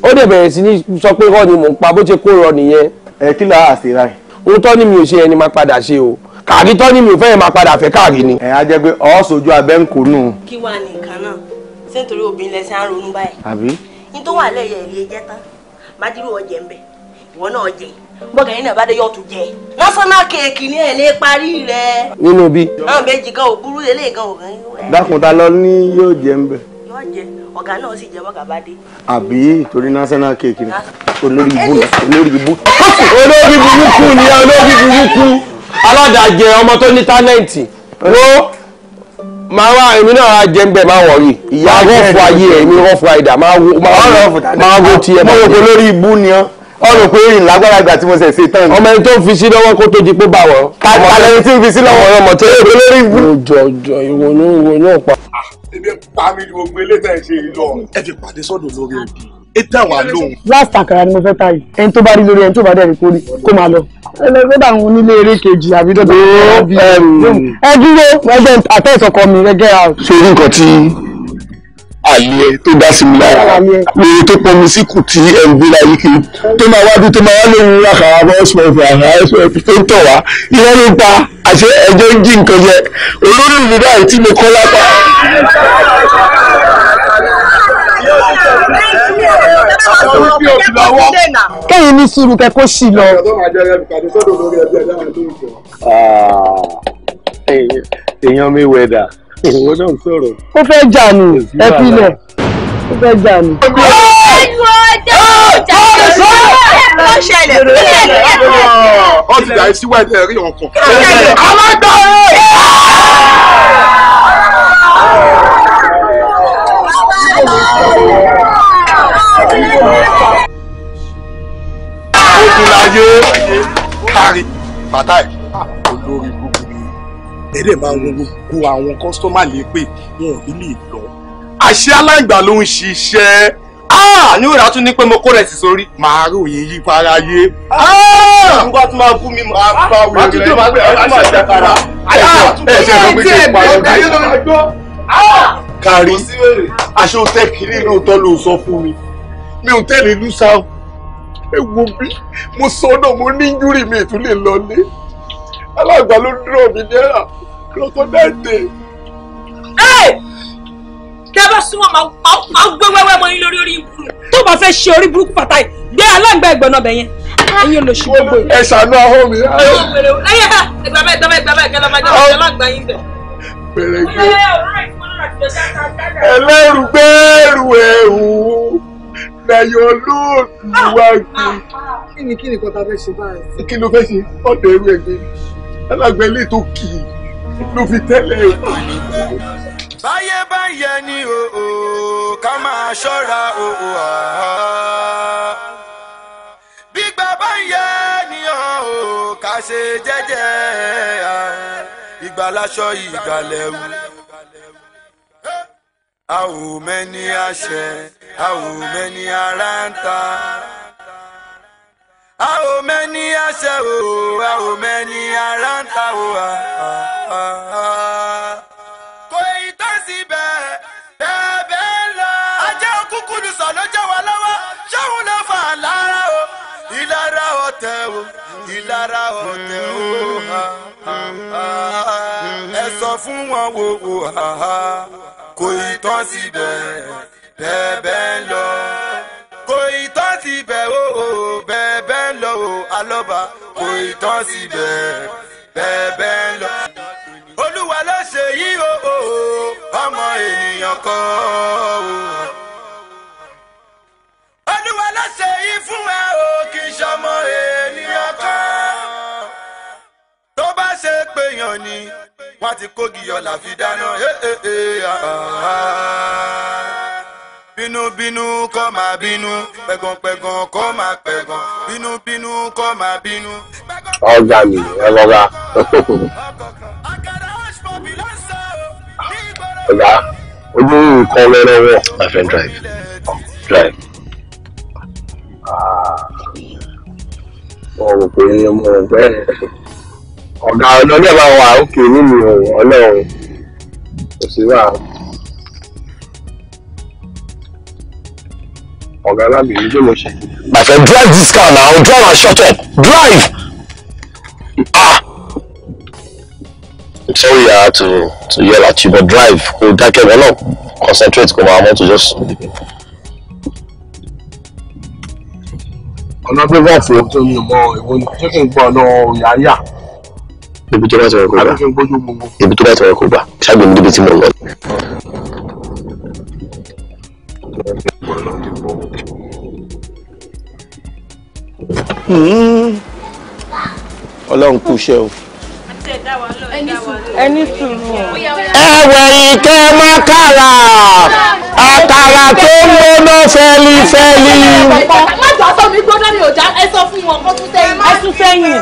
ó dẹ̀ bẹ̀rẹ̀ sí ní sọ pé rọ ni mò ń pa bó ṣe kó rọ nìyẹn. ẹ kí ló á àṣírà ẹ. òótọ́ ni mi ò ṣe kàrí tọ́ ni mi ò fẹ́ máa padà fẹ́ ni. ẹ á jẹ pé ọ sojú abẹ ń kó nù. kí wàá ní nǹkan náà ṣé nítorí obìnrin lẹsẹ á ronú báyìí. àbí. ní tó wà lẹ́yìn ẹ̀rí ẹjẹ́ tán mádìrú ọ̀jẹ̀ ń bẹ̀ ìwọ náà jẹ bọ́gà yín náà bá dé jẹ. national cake lọ ní yóò jẹ ń bẹ. yóò jẹ ọ̀gá náà sì jẹ olórí aládàjẹ ọmọ tó ní tálẹ́ǹtì ló máa wá èmi náà á jẹ́ nbẹ̀ máa wọ̀nyí ìyá rọ́ọ̀fù ayé èmi rọ́ọ̀fù àìdá máa wo máa wo tiẹ̀ máa wo kó lórí ibú ni ọ́ ọ̀rọ̀ pé ìrìn lágbára ìgbà tí mo ṣe ṣe tán. ọmọ ẹni tó fi sí lọ́wọ́ kó tó di pé bá wọ̀. kàlẹ́ ẹni tí ń fi sí lọ́wọ́ ọmọ tó yẹ lórí ibú. jọjọ ìwọ ló ń wo náà pa. ebi ah, pa mi ni mo gbé lẹ́tà ẹ̀ ṣe lọ. ẹ fi pàdé sọ́dọ̀ lórí ẹbí ètò àwa lóhùn. last àkàrà ni mo fẹ́ ta yìí ẹni tó bá rí lórí ẹni tó bá dẹ̀ rí kó rí kó máa lọ. ẹlẹgbẹ́dà àwọn onílé eré kejì àbí dọ́dọ̀ ẹ dúró ẹgbẹ́ àtẹ ìsọkọ mi rẹ gẹ́ra o. ṣé nǹkan tí àlẹ́ tó dá sí mi lára lóye tó pọnmi sí kù tí ẹ ń gbé láyé kiri tó máa wá bí tó máa wá lóhun àkàrà bọ́ọ̀sìmọ̀fì àkàrà ẹ̀fẹ̀ tó ń tọ̀ wá ìwọ́n ló pa àṣẹ ẹjọ́ ń jí nǹkan jẹ olórí mi báyìí tí mo kọ́ lápá kẹ́yìn ní sùúrù kẹ́ kó sì lọ. Ah, eh, èèyàn mi wẹ̀dà ìwọ náà sọ̀rọ̀. ó fẹ́ jà ní ẹ filẹ̀ ó fẹ́ jà ní. ó ti dà síwájú ẹ̀rí ọkàn. alágbára ogunlaye kárí bàtà yìí olórí gbogbo ni ẹ̀rẹ̀ máa ń gbogbo àwọn kọ́sítọ́mà lè pè wọn ò ní lè lọ. àṣé aláìgbà ló ń ṣiṣẹ́ ní òrà tún ní pé mo kó rẹ̀ sí sórí. màá ròyìn yí para yé. nígbà tí máa bú mi máa bá wúlò rẹ̀ máa tún tó máa bẹ̀rẹ̀ máa ṣe àkàrà. ẹ ṣe ẹ ṣe ló ń gbé ṣe ìpàdé kárí aṣọ tẹ́kìrì lóòótọ́ ló sọ fún mi mi ò tẹ́lẹ̀ lùsà ẹ wo bí mo sọnà mo ní yúrì mi tún lè lọlé alágbà ló dúró mi náírà lọ́tọ́ dáìdè. tẹ́ bá súnmọ́ máa gbé wẹ́wẹ́ mọ́ yín lórí orí ibùdó. tó bá fẹ́ ṣe orí burúkú pátá yìí gbé alágbà ẹ̀gbọ́n náà bẹ̀ yẹn ẹ̀yin olóṣù gbogbo yìí. ẹ ṣàánú ahọ́n mi. ẹ̀yà ẹ̀gbàmẹ́gbàmẹ́gbàmẹ́ kẹlẹ́mẹ́gbàmẹ́ alágbà yín bẹ̀ ẹlẹ́rù gbẹ́rù ẹ̀hù lẹ́yìn olóògbé kí ni kí ni kọ́ta fẹ́ ṣe báyìí. kí ló fẹ́ ṣe ọ̀dọ̀ ẹrú ẹgbẹ́ alágbẹ́ ilé tó kì í ló fi tẹ́lẹ̀ ẹ̀. báyé báyé ni òò ká máa ṣọ́ra òò bí bàbá ń yẹ ni òò ká ṣe jẹ́jẹ́ ìgbàlaṣọ ìgbàlẹ̀ wù a ò mẹ́ni àṣẹ a ò mẹ́ni ara ń ta. a ò mẹ́ni àṣẹ o a ò mẹ́ni ara ń ta o. kò ì tó síbẹ̀ bẹ́ẹ̀ bẹ́ẹ̀ lọ. ajá òkúkú ni sọ ló jẹ́ wa lọ́wọ́ ṣéun ló fà lára o. ìlara ọ̀tẹ̀ o ìlara ọ̀tẹ̀ o. ẹ sọ fún wọn wo wo ha ha kò ì si síbẹ̀ bẹ́ẹ̀ ń lọ kò ì tọ́ síbẹ̀ o ò bẹ́ẹ̀ ń lọ o alọ́ba kò ì si síbẹ̀ bẹ́ẹ̀ ń lọ. olúwa ló ṣe yí o o ọmọ ènìyàn kọ́ o. olúwa ló ṣe yí fún ẹ o kì í ṣọmọ ènìyàn kọ́. tó bá ṣe pèèyàn ni wọ́n ti kógi yọ làfi dáná. bínúbínú kọ́ máa bínú pẹ̀gànpẹ̀gàn kọ́ máa pẹ̀gàn bínúbínú kọ́ máa bínú. ọjà mi ẹ lọ́ra. ọ̀gá ojú nǹkan lọ́rọ́wọ́. my friend drive drive. ọ̀rọ̀ kò ní ọmọ ọ̀gbẹ́ ọ̀gá ọlọ́dẹ máa wà òkè nínú ọlọ́run kò sí wà. ọ̀gá alábìrì tó lọ ṣe. my friend drive this car now drive and shut up drive. ah. I'm sorry I had to to yell at you but drive kò dákẹ́ bẹ́ẹ̀ náà concentrate kò máa mọ́ to just. ọ̀nà bí wọ́n fò ó tó yìnbọn ìwọ ni jẹ́ kí n gbọ́ ọ̀nà òyà níbi tó bá ti wọ̀ kó gbà níbi tó bá ti wọ̀ kó gbà ṣáàgbé mi níbi tí mo ń lọ. Hmm. ọlọ́run kú iṣẹ́ o. ẹni sùúrù ẹ̀wẹ̀ ìkẹ́ mọ́kàlá àkàrà tó ń gbóná fẹ́lifẹ́li. mọ́tò aṣọ mi gbóná ni òjá ẹ sọ fún wọn kó tún sẹ́yìn. ẹ tún sẹ́yìn.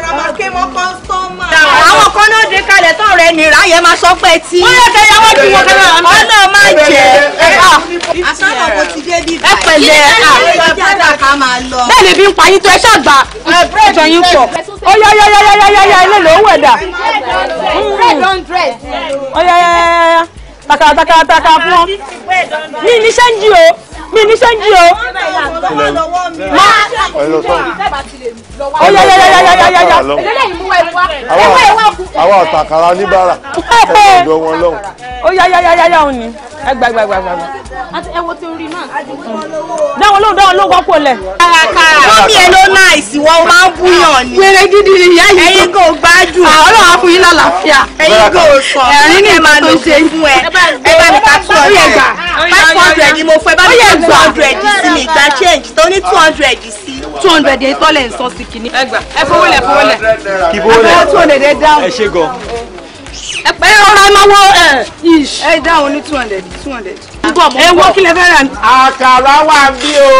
àwọn kan náà dé kalẹ̀ tó rẹ̀ nira yẹn máa sọ pé tí. ó yẹ kẹ́ yàwó ju wọn kan náà. wọn náà máa jẹ. àṣàlọ̀ mo ti dé bí báyìí. ẹ pẹ̀lẹ́ bẹ́ẹ̀ ni bí ń pa yín tó ẹ ṣàgbà ìjọ yín pọ̀. ó yá yá yá yá yá ilé ló ń wẹ̀dà. ó yá yá yá yá takara takara takara fún ọ ní ní ṣẹ́ńjì o mi ní ṣéǹjì o. ọyọ yọ yọ yọ yọ yọ yọ. àwa ọ̀tàkàrà oníbàárà ẹ̀sìn ìjọ wọn lọ́hùn. ó yá yá yá yá yá òun ni ẹ gbà gbà gbà gbà. àti ẹwọ tí orí náà. dáwọn lóhùn dáwọn lóhùn wọ́pọ̀ lẹ̀. kàràkàrà mọ́mí ẹ ló náà ìsìnwọ́ máa ń búyàn ni. wẹ́rẹ́ gidi ni ìyá yìí. ẹ̀yin kò gbádùn. Ah, ọlọ́run á fún yín lálàáfíà. ẹ̀yin kò sọ ẹ̀rín ni màá lò fún ẹ. ẹ bá mi ta two hundred. five hundred ni mo fẹ́ bá mi ta two hundred sí mi ìgbà change tó ní two hundred sí. two hundred yẹn tọ́lẹ̀ ń sọ sí kìíní. ẹ gbà ẹ fowó lẹ fowó lẹ. kì í fowó lẹ two hundred ẹ dáhùn. ẹ ṣe gan. ẹ pẹ́ ọ̀rọ̀ ẹ máa wọ ẹ ish. ẹ dáhùn ní two hundred two hundred. ẹ wọ kí lẹ fẹ́ rà. àkàrà wà bí o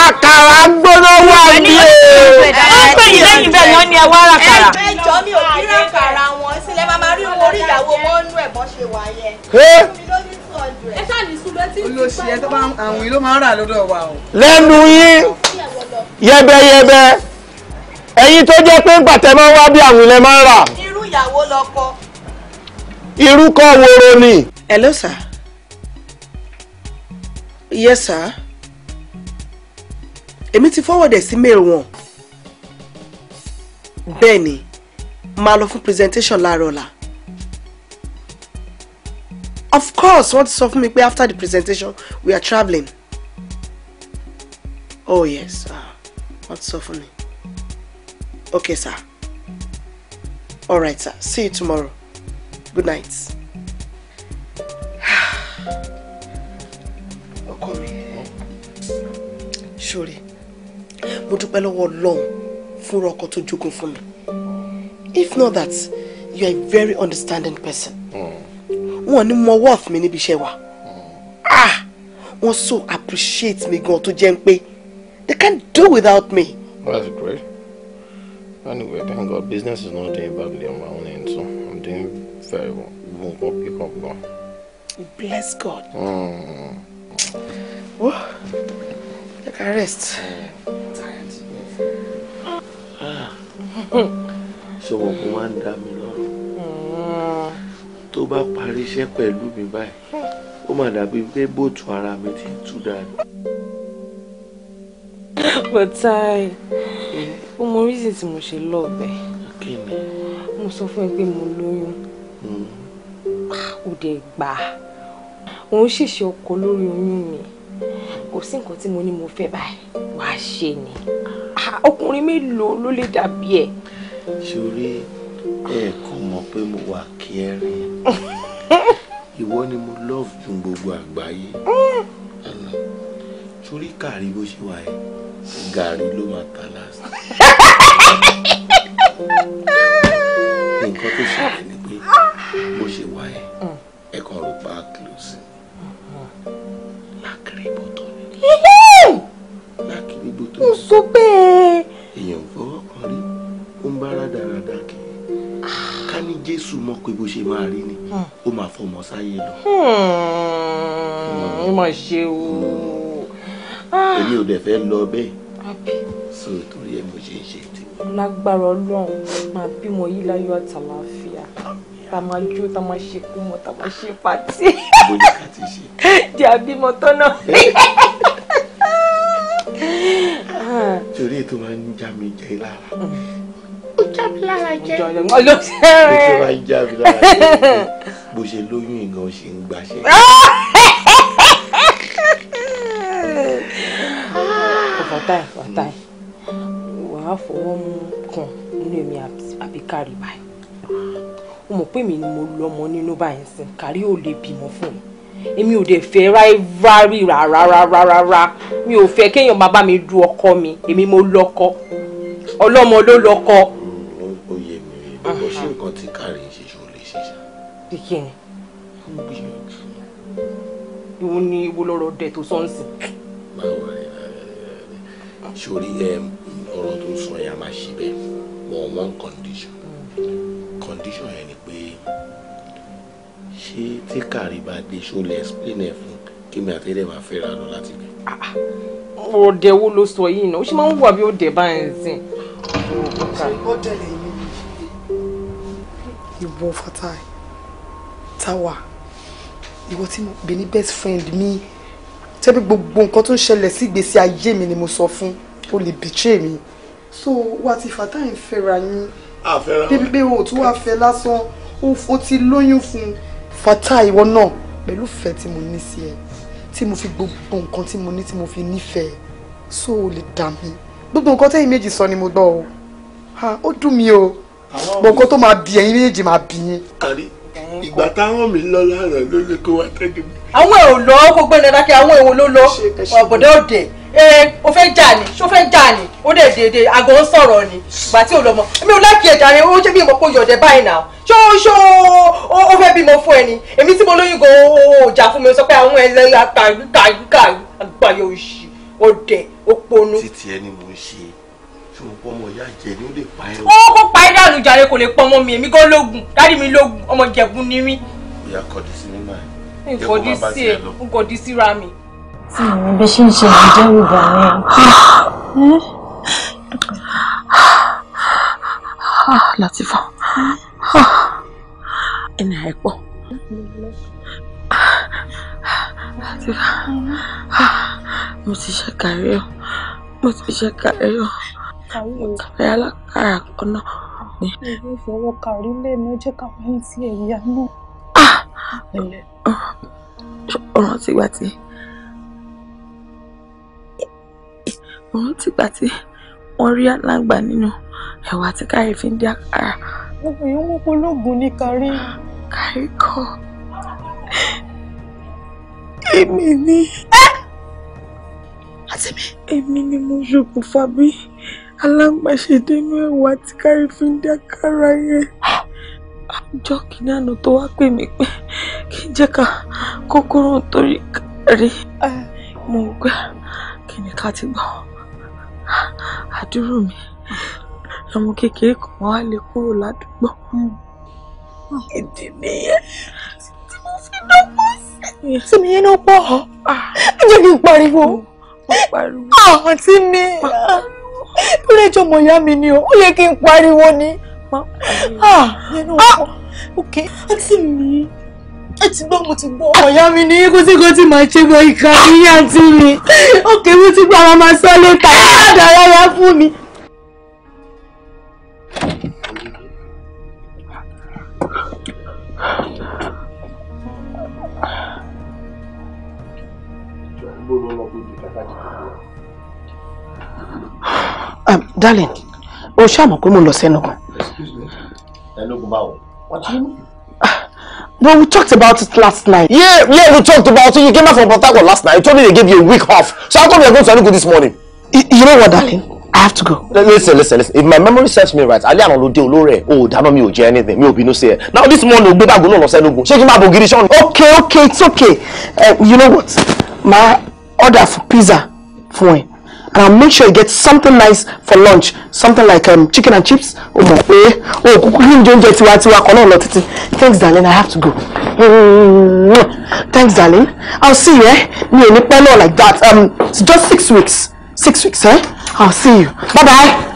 àkàrà gbóná wà ní o. ó pè yín lẹ́yìn bẹ́ẹ̀ wọ́n ní ẹ wá ràkàrà. ẹ jọ mi ò kí ràkàrà wọn sílẹ̀ máa máa rí owó orí ìyàwó wọn nú ẹ̀ bọ́ ṣe ẹ ṣáà ní sùn bẹ́ẹ̀ tí. olóṣì ẹ tó bá àwọn yìí ló máa ń rà lọ́dọ̀ wa o. lẹ́nu yín yẹbẹyẹbẹ ẹ̀yin tó jẹ́ pé ń pàtẹ máa wá bí àwọn ilẹ̀ máa ń rà. irú ìyàwó lọkọ. irú kọ́ woro ni. hello sir yes sir èmi ti forward ẹ̀ sí mail wọn bẹ́ẹ̀ ni màá lọ fún presentation láàárọ̀ ọ̀la of course wọ́n ti sọ fún mi after the presentation we are traveling. oh yes wọ́n ti sọ fún okay sir all right sir see you tomorrow good night. ọkọ mi ṣòro mo dúpẹ́ lọ́wọ́ ọlọ́run fúnra ọkọ tó jogún fún mi if not that you are a very understanding person. Mm wọn ní mọ worth mi níbi iṣẹ́ wa ah wọ́n so appreciate mi gan tó jẹ́ ń pé they can't do without me. that's great. Anyway, thank God business is not doing badly on my own end, so I'm doing very well. Even go pick up now. Bless God. Mm. Oh, take a rest. Mm. Tired. Ah. So, Wanda, me tó bá parí iṣẹ́ pẹ̀lú mi báyìí ó mà dàbí pé bóòtù ara mi ti ń tú dànù. bọ́tà ẹ̀ ó mọ reason tí mo ṣe lọ́ọ̀bẹ mo sọ fún ẹ pé mo lóyún hmm. ó dẹ̀ gbà òun ṣèṣe ọkọ lórí oyún mi kò sí nǹkan tí mo ní mo fẹ́ báyìí wàá ṣe ni ah, ọkùnrin mélòó ló lè dàbí ẹ̀. ṣòrí ẹ kàn mọ̀ pé mo wà kẹrin ìwọ ni mo love ju gbogbo àgbáyé àná sórí kàrí bó ṣe wà yẹn gàrí ló máa ta lásán nǹkan tó ṣẹlẹ̀ ni pé bó ṣe wà ẹ kàn rò pa kìlọ̀sì lákìrí bọ́tọ̀ ni lákìrí bọ́tọ̀ ni. mo sọ bẹ́ẹ̀. èèyàn fọwọ́ kan rí ó ń bá rádaràda kí ká ní jésù mọ̀ pé bó ṣe máa rí ni hmm. ó máa fọmọ sáyé lọ. ó hmm. mà ṣe o. Ah. èmi ò dẹ̀ fẹ́ lọ bẹ́ẹ̀ so torí ẹ mo ṣe ń ṣe tí. lágbára ọlọ́run máa bímọ yìí láyọ̀ àtàlàáfíà ta máa jó ta máa ṣe kú mọ ta máa ṣe pàtì. bóyá ká ti ṣe. di àbímọ tọ́nà. torí ètò máa ń já mi jẹ lára. Hmm bó ṣe lóyún ìgan ṣe ń gbaṣẹ́. ọ̀fọ̀tàì ọ̀fọ̀tàì wàá fọwọ́ mú kan nínú èmi àbí kárí báyìí o mọ̀ pé mi ni mo lọ́mọ nínú báyìí sí kárí ò lè bímọ fún mi èmi ò dẹ̀ fẹ́ rárí rárá rárá rárá mi ò fẹ́ kéèyàn máa bá mi du ọkọ mi èmi mo lọ́kọ ọlọ́mọ ló lọ́kọ ọ̀rọ̀ ṣe nǹkan tí kárí ń ṣe ṣe ò lè ṣe ṣá. bí kí ni. mo gbìyànjú. ìwọ ni ìwọ lọ́rọ̀ dẹ tó sọ ń sìn. báwo ni sórí ọ̀rọ̀ tó sọ yẹn a máa ṣe bẹ́ẹ̀ mọ one condition condition yẹn ni pé ṣé tí kárí bá dé ṣó lè explain ẹ fún kíni àtẹ́lẹ̀ máa fẹ́ra lọ láti bẹ̀. Ah, ọ̀dẹ̀ wo ló sọ yìí náà ó ṣe máa ń wà bí ọ̀dẹ̀ báyìí sìn. ọ̀dẹ̀ lè ìwọ Fatai tawa. ìwọ tí mo pè ní best friend mi tẹ́bí gbogbo nǹkan tó ń ṣẹlẹ̀ sí ìgbésí ayé mi ni mo sọ fún o lè bìtírè mi so wa ti Fatai ń fẹ́ra yín débi pé o tún wá fẹ́ lásán o ti lóyún fún Fatai ìwọ náà pẹ̀lú ìfẹ́ tí mo ní sí ẹ tí mo fi gbogbo nǹkan tí mo ní tí mo fi nífẹ̀ẹ́ so o lè dà mí gbogbo nǹkan tẹ́yìn méjì sọ ni mo gbọ́ o ó dùn mí o gbọ̀ngàn tó máa bí ẹyin méjèèjì máa bí yín. àrí ìgbà táwọn mi lọ lára ló lè kó wá tẹ́lẹ̀ mi. àwọn èrò lọ gbogbo ẹ̀rọ dákẹ́ àwọn èrò ló lọ ọ̀bọ̀dẹ́ òde ee o fẹ́ jà ní ṣó fẹ́ jà ní ó dẹ̀ dédé aago ń sọ̀rọ̀ ni ìgbà tí ò lọ mọ èmi ò láìpẹ́ ẹ̀jà rẹ ó jẹ́ bí ìmọ̀pọ̀ yọ̀dẹ̀ báyìí náà ṣó ṣó ó fẹ́ bímọ fún ẹ ni èmi tí mo lóyún gan ó jà fún mi sọ pé àwọn ẹlẹ́yà kàyú kàyú kàyú àgbáyé òṣì ọ̀dẹ̀ òponu. ẹni mò ń ṣe tí mo pọ́ ọmọ ìyá ìjẹ̀ni ó lè pa ẹ́ o. ó kó pa ẹ́ dànù jàre kò lè pọ́ ọmọ mi èmi gan lógun dáàdi mi lógun ọmọ ìjẹ̀bù ni mí. ìyá kọ̀dí sí mi máa ń jẹ́ kó má bá tiẹ̀ lọ. n kò dí síra mi. tí mi bí ṣe ń ṣe ìdẹ́rù bà mí. Hmm? Latifa hmm? ẹni àìpọ̀. Latifa hmm? mo ti ṣe kàrí ọ mo ti ṣe kàrí ọ kàwé alákàrà kan náà. ìwé ìfọwọ́ kàrí lè ná jẹ́ káwọn yìí ti ẹ̀yà náà. ọ̀ràn tìgbà tí ọ̀ràn tìgbà tí wọ́n rí aláǹgbá nínú ẹ̀wà tí kárí fi ń dí àkàrà. obìnrin wọn pológun ní kárí. kárí kọ́ èmi ni. àti mi. èmi ni mo ṣokùnfà bí aláǹgbàṣedé inú ẹ̀wà tí kárí fi ń dá kára yẹn àjọ kìíní àná tó wá pè mí pé kí n jẹ́ ká kókóró torí kárí mo gbà kí ni ká ti gbà ọ́ àdúrò mi lọmọ kékeré kan wá lè kúrò ládùúgbò ìdí nìyẹn tí mo fi lọ́wọ́ sí tí mi yẹn náà pọ̀ ọ́ ẹ̀jẹ̀ mi pariwo ah, àǹtí mi lórí ẹjọ́ ọmọ ìyá mi ni o ó yẹ kí n pariwo ni. Ah, ah! ok àǹtí mi ẹ ti gbọ́ mo ti gbọ́. ọ̀yá mi ní kó tí kò tí máa ṣe gbọ́ ìka ní àǹtí mi ok mo ti gbọ́ àwọn máa sọ lẹ́ta dáadáa fún mi. Gbogbo Um, darling o ṣàmọ̀ pé mo lọ sẹ́nu kan. ẹnu kò bá But ah, we talked about it last night. Yeah, yeah, we talked about it. You came back from Port Harcourt last night. You told me they gave you a week off. So how come you're going to Enugu this morning? Y you know what, darling? I have to go. Listen, listen, listen. If my memory serves me right, Ali àná ló dé olóore. O oh, mi ò jẹ anything. Mi ò bínú sí ẹ. Now this morning, o gbé báàgò náà lọ sẹ́nugun. Ṣé kí n máa bo gidi ṣọ́ni? Okay, okay, it's okay. Uh, you know what? My order for pizza for him and I'll make sure you get something nice for lunch something like um, chicken and chips o mọ̀ pé o oh, kúkú ní oúnjẹ tiwantiwa kan náà lọ títí thanks darling I have to go mm thanks darling I'll see you eh mi ò like that um, it's just six weeks six weeks eh I'll see you bye bye.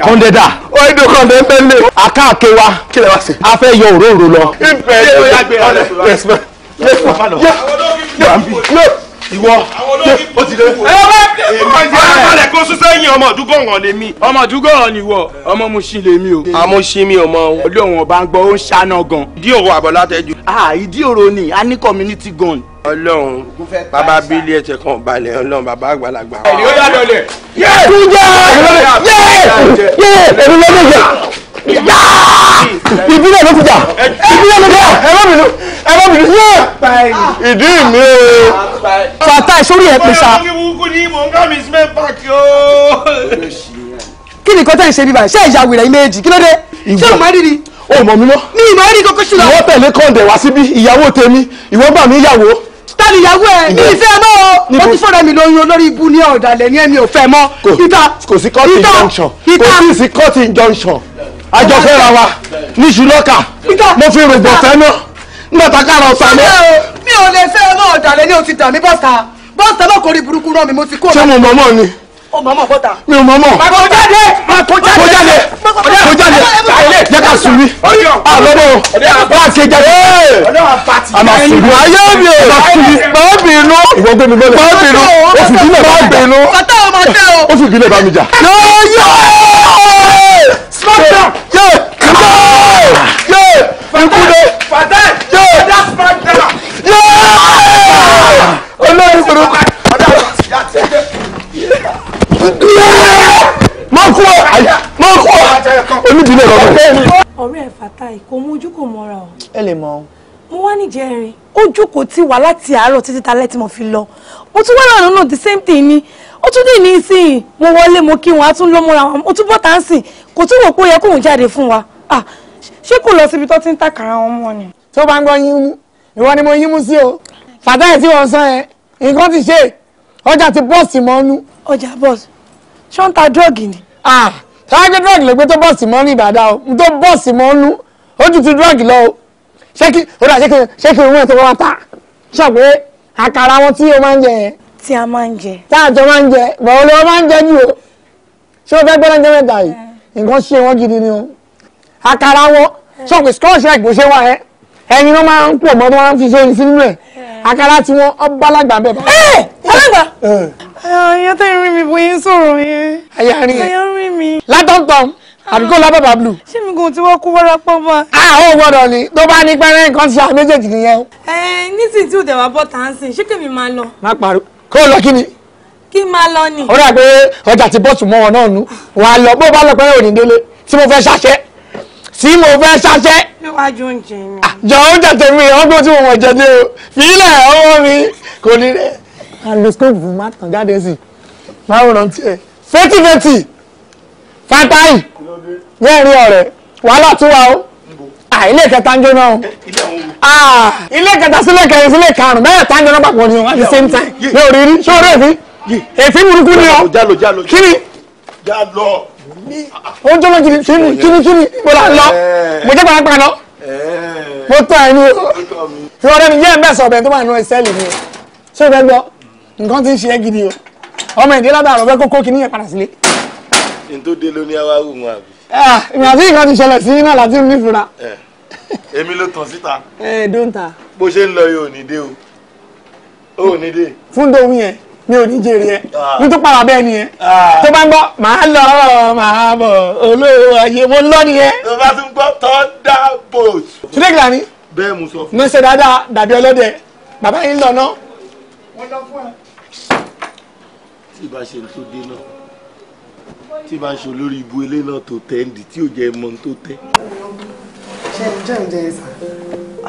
kọ́ńdẹ́dà oedo kọ́ńdẹ́ńpẹ́ lè. àkáàké wa a fẹ́ yọ òróǹro lọ. ìfẹ́ yóò yàgbé ọ̀rẹ́ rẹ̀ ìwọ o ti dé. ẹ bá kalẹ̀ kó sún sẹ́yìn ọmọ ọ̀dúgọ̀ràn lèmi. ọmọ ọ̀dúgọ̀ràn ni wọ ọmọ Mushin lèmi o. àmọ́ mi ọmọ. olóòwò ọba ń gbọ́ ó ń ṣáná gan. ìdí òro àbọ̀lá tẹ́jú. Ah, ìdí òro ni a ní community gun ọlọ́run bàbá bílí ẹsẹ̀ kan balẹ̀ ọlọ́run bàbá àgbàlagbà. ẹni ó yá lọlẹ̀. yé kújà yé yé èmi ló dé jẹ yá ìbílẹ̀ ló ti jà ìbílẹ̀ ló jà ẹ má bínú ẹ má bínú yé ìdí mi o. fata ìsórí ẹ pèsè. mo ní wúkú ní mò ń ká mi sílẹ̀ pàkì o. kí ni kọ́tà ń ṣe bíbá ṣé ìyá wìrẹ̀ méjì kí ló dé ṣé o máa rí ni. o mọ̀ mi mọ́. mi ìmọ̀ rí kókó ṣùgbọ́n. ìwọ tẹ̀lé kọ́ńdẹ̀ wá síbí ìyàwó tèmi ìwọ gbà mí yàwó tani ìyàwó ẹ ní ìfẹ́ mọ́ o ó ti fọ́nrẹ́ mi lóyún olórí ibu ní ọ̀dàlẹ̀ ní ẹ̀mí ò fẹ́ mọ́ ìta kò sí cutting junction kò sí cutting junction àjọfẹ́ra wa níṣu lọ́kà mo fi rògbò fẹ́ náà nígbà tá a kára ọ̀sán lọ. mi ò lè fẹ́ mọ́ ọ̀dàlẹ̀ ní o ti dà mí bọ́sà bọ́sà náà kò rí burúkú náà mi mo ti kó. ṣé mo mọ̀ mọ́ ni o mọ̀mọ́ bọ́ta. mi ò mọ̀mọ́. màá kó jáde. màá kó jáde. kó jáde. kó jáde. ayé jẹ́ ká sùn mí. àlọ́dọ̀ wá ṣe jáde. a máa sùn mí. ayé mi ò máa bínú. ìwọ gbé mi bọ́lẹ̀. máa bínú. o sì bílẹ̀ bá mi jà. bàtà ọmọ tẹ o. o sì bílẹ̀ bá mi jà. yóò yọ. smackdown. yé yé yé nkúndé. fatai yé fatai smackdown. yé olórí burúkú mọ kú ọ mọ kú ọ onídìílé lọ́wọ́. ọ̀rẹ́ ẹ̀ Fatai kò mú mo wá níjẹrin ó the same thing ni ó tún dì wa ṣé kò lọ síbi tó ti ń tàkàrà wọn mọ́ ni. tó bá ń gbọ́ yín mú ìwọ ni mo yín mú sí o Fatai tí wọ́n sọ yẹn nǹkan ọjà ti bọ́ọ̀sì mọ́nú. ọjà bọ́ọ̀sì ṣé ń ta dírọ́ọ̀gì ni. ṣáájú dírọ́ọ̀gì ló gbé tó bọ́ọ̀sì mọ́ ní ìbàdàn o tó bọ́ọ̀sì mọ́ nú ó ju ti dírọ́ọ̀gì lọ o ṣé kí o dà ṣé kí òun ẹ̀ tó wá ta ṣàpé àkàrà wọn tí o máa ń jẹ yẹn. tí a máa ń jẹ. tá a jọ máa ń jẹ bọ̀wọ́ ló máa ń jẹ ní o ṣé o fẹ́ gbọ́dọ̀ jẹ́ mẹ́ta yìí nǹkan ṣe wọ́n gidi ni o àkàrà wọn ṣọ̀pẹ̀ scotch egg bó ṣe wà ẹ ẹyin ló máa ń pọ̀ mọ́ tó máa àkàrà tí wọ́n ọ bálàgbà ń bẹ̀ bá. ẹ bálàgbà. àyà tẹ́ rí mi bóyá sọ̀rọ̀ yẹn. àyà rí yẹn. àyà rí mi. látọ̀ntọ̀n àbíkó lábàbà blue. ṣé mi kò tí wọ́n kú wọ́rọ́ pọ́ bá. a ò gbọ́dọ̀ ni tó bá ní pẹ́rẹ́ nǹkan ṣe àméjèèjì nìyẹn. ẹ nísìnyí tí ò dẹ̀ wá bọ́ tàǹsìn ṣé kèmi máa lọ. má pariwo kó o lọ kí ni kí máa lọ ni. ó rà pé ọjà ti bọ́ọ̀sù mọ́ wọn náà nù wà á lọ bó bá lọ pẹ́rẹ́ òní délé tí mo fẹ́ ṣàṣẹ tí mo fẹ́ ṣaṣẹ́. níwájú oúnjẹ mi. Ah, jọ oúnjẹ tèmi ọgbọ́n tí mo mọ̀ jẹ ní o fílẹ̀ ọwọ́ mi kò ní rẹ̀. aloscope má tàn jáde sí báwo lọ tiẹ̀ fẹ́tìfẹ́tì fatai mẹ́rin ọ̀rẹ́ wàhálà tún wà o ah, ilé kẹta ń jóná o ah, ilé kẹta sílé kẹrin sílé karùn-ún bẹ́ẹ̀ tá ń jóná papọ̀ ni o at the same time ní òrìrí ṣé orí èfi èfi burúkú ni jalo. kí ni ó ń jọmọ jìnnì kini kíni kíni mo là ń lọ eh. mo jẹ́ pàápàá lọ eh. mo tọ́ ẹ ní o fi ọ̀rẹ́ mi yẹ́ ẹ̀ mẹ́sàn ọ̀bẹ tó wà nínú ẹsẹ̀ lè ní o ṣé o fẹ́ gbọ́ nǹkan ti ń ṣe é gidi o ọmọ ìdílé àbàrọ̀ fẹ́ kókó kíní yẹn padà sílé. ntòdè ló ní awáwù mu àbí. Ah, ìgbà tí nǹkan ti ṣẹlẹ̀ sí náà láti ní ìfura. Eh. èmi ló tàn síta. ẹ dóńtà. bó ṣe ń lọ yìí ò ní dé o ò ní dé. fún domi yẹn mi ò ní jèrè ẹ ní tó pàrọ̀ bẹ́ẹ̀ ni ẹ ah. tó bá ń gbọ́ màá lọ màá bọ̀ olówó ayé mo lọ ni ẹ. tó bá tún gbọ́ Thunderbolt. ṣílẹ̀ kìlà ni. bẹ́ẹ̀ mo sọ fún. mo ṣe dáadáa dàbí ọlọ́dẹ bàbá yìí ń lọ ná. wọ́n lọ fún ẹ. tí ìbá ṣe tó dé náà tí ìbá ṣe olórí ibu ilé náà tó tẹ́ ǹdí tí ò jẹ́ mọ́ tó tẹ́. jẹ́ ǹjẹ́ ǹjẹ́ sà.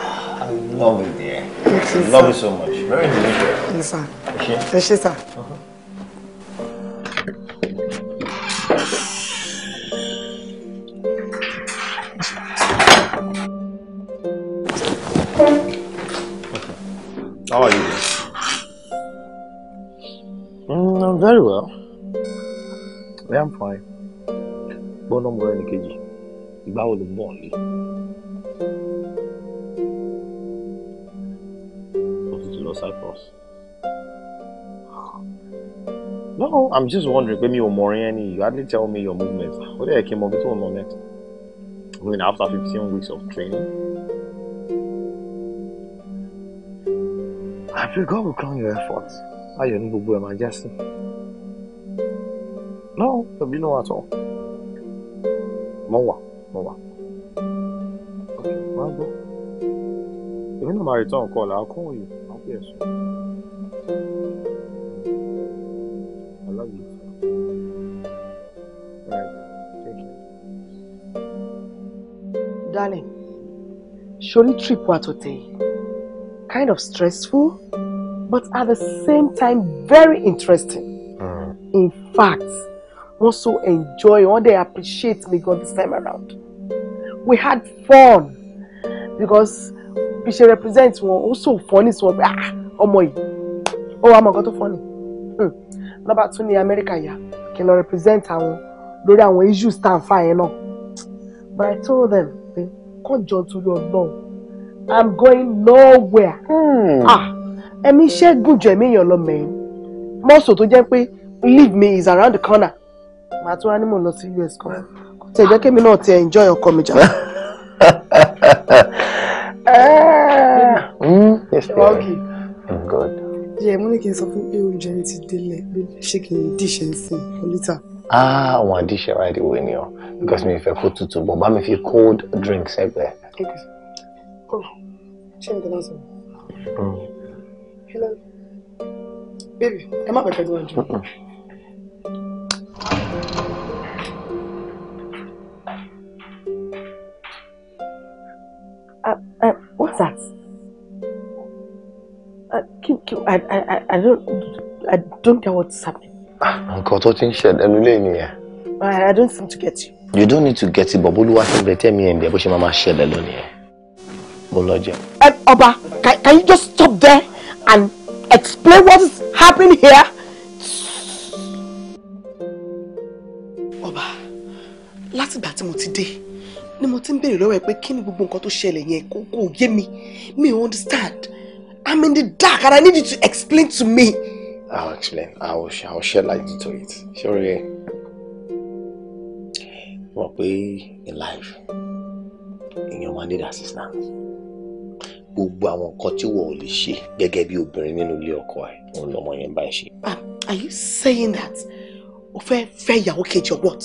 Ah. Love it, dear. Thank you, Love sir. it so much. Very delicious. Yes, sir. Thank you, sir. Uh -huh. How are you? Mm, I'm very well. I am fine. Bọ́nà mo rẹ̀ ní kejì. Ìgbà wo ló ń lọ Cyprus. No, I'm just wondering pé mi ò mọ̀ you hardly tell me your movements. ó dẹ̀ kí n mọ bí tó next I mean after 15 weeks of training. I pray God will crown your efforts ayọ̀ ní gbogbo ẹ̀ máa já No, there be no at all. Mo wà, Okay, máa gbọ́. Èmi náà my return call, I'll call you. eso. Al ladito. Right. Darling, surely trip what today. Kind of stressful, but at the same time very interesting. Mm. In fact, also enjoy, All they appreciate me God this time around. We had fun because bí ṣe represent wọn ó sò fọ́nì sí wọn pé ah, ọmọ yìí ó wà mọ nǹkan tó fọ́nì hmm. lọ́ba tún ní amẹ́ríkà yá kí n lọ represent àwọn lórí àwọn issues tá à ń fà yẹn náà but i told them pé kọjọ torí ọlọ́run i'm going nowhere hmm. ah, ẹ̀mí iṣẹ́ gùn jù ẹ̀mí èèyàn lọ mẹ́rin mọ́sọ̀ tó jẹ́ pé leave me is around the corner màá tún wá ní mò ń lọ sí us kan tẹ̀ jẹ́ kémi náà ti enjoy ọkọ mi jà. Yes, dear. Wagi. I'm good. Ṣé mo ní kí n sọ fún pé oúnjẹ mi ti délẹ̀ for later? Ah, àwọn àdíṣẹ́ right away ni ọ because mi fẹ́ kó tutù bọ̀ bá if you cold drink sẹ́gbẹ̀ẹ́. Oh, ṣé mi tẹ́lá sọ? Mm. Hello. Baby, ẹ má pẹ̀pẹ̀ tó wà jù. Uh, uh, what's that? Uh, I, I, I, don't I don't get what's happening. Nǹkan tó ti ń ṣẹlẹ̀ ẹnu lé nìyẹn. I don't seem to get you. You don't need to get it, but Boluwa ti bẹ̀ tẹ́mi ẹ̀ ń bẹ̀ bó ṣe máa máa ṣẹlẹ̀ lónìí ẹ̀. Mo lọ jẹun. Ẹ eh, ọba, can, can you just stop there and explain what is happening here? Ọba, látìgbà tí mo ti dé, ni mo ti ń béèrè lọ́wọ́ ẹ pé kí ni gbogbo nǹkan tó ṣẹlẹ̀ yẹn kò yé mi, mi ò understand. I'm in the dark and I need you to explain to me. I'll explain. I will, I will shed light into it. Sorry. what we in life, in your need assistance. Gbogbo àwọn nǹkan tí wọ́n ò lè ṣe gẹ́gẹ́ bí obìnrin nínú ilé ọkọ ẹ̀, òun lọmọ yẹn bá ṣe. Are you saying that o fẹ́ fẹ́ ìyàwó kejì or what?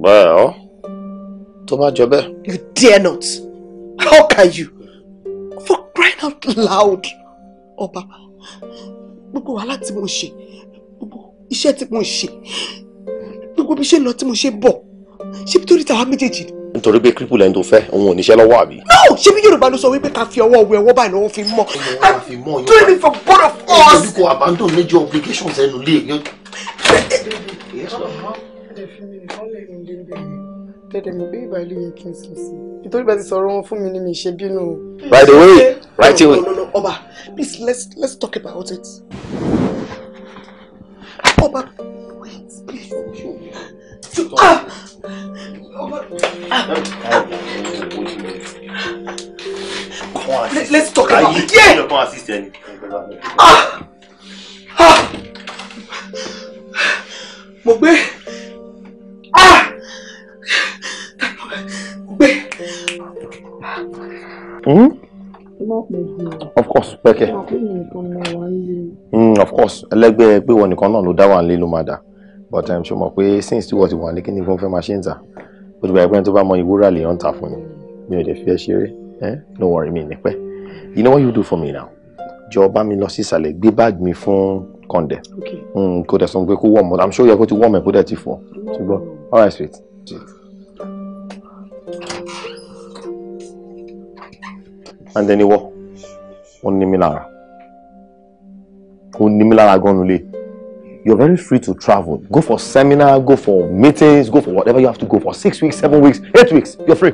Bẹ́ẹ̀ ah, ọ́, tó bá jọ bẹ́ẹ̀. You dare not! How can you? crying out loud ọba gbogbo wàhálà tí mo ṣe gbogbo iṣẹ́ tí mo ṣe gbogbo bí ṣe lọ tí mo ṣe bọ̀ ṣé nítorí tàwa méjèèjì ni. nítorí pé kírípù lẹ́ni tó fẹ́ òun ò níṣẹ́ lọ́wọ́ àbí. no ṣé bí yorùbá ló sọ wípé ká fi ọwọ́ wẹ ọwọ́ báyìí lọ́wọ́ fi mọ́ i'm doing it for both of us. nítorí kò abandon major obligations ẹnu lé èèyàn. tẹ̀lé mi bí ìbàlẹ̀ yẹ kí n sọ sí i nítorí bá ti sọ̀rọ̀ wọn fún mi ni mi ṣe bínú. by the way right away. No, no, no, Oba, please let's let's talk about it. Oba, wait, please. Stop. Ah. Oba. Ah! Let, let's talk about it. Yeah. Come Ah. Ah. Mogbe. Ah. Mogbe. Hmm? of course pẹkẹ hmm, of course ẹlẹgbẹ́ pé wọn nìkan náà ló dá wà nílé ló máa dà but um, ṣe mọ̀ pé since tí wọ́n ti wà ní kíní fún fẹ́ máa ṣe ń tà ó ti bàyẹ̀ pé tó bá mọ ìwúrà lè ń tà fún mi mi ò dẹ̀ fi ẹ́ ṣeré no worry me. nípẹ́ you know what you do for me now jọ bá mi lọ sí ìsàlẹ̀ gbé báàgì mi fún kọ̀ǹdẹ̀ hmm, kó dẹ̀ sọ pé kó wọ̀ mọ́ i'm sure yẹ kó ti wọ̀ mọ́ kó dẹ̀ ti fọ̀ ṣùgbọ́n all right sweet. and then ìwọ wọn ní mi lára ó ní mi lára gan nulẹ̀ you are very free to travel go for seminar go for meetings go for whatever you have to go for six weeks seven weeks eight weeks you are free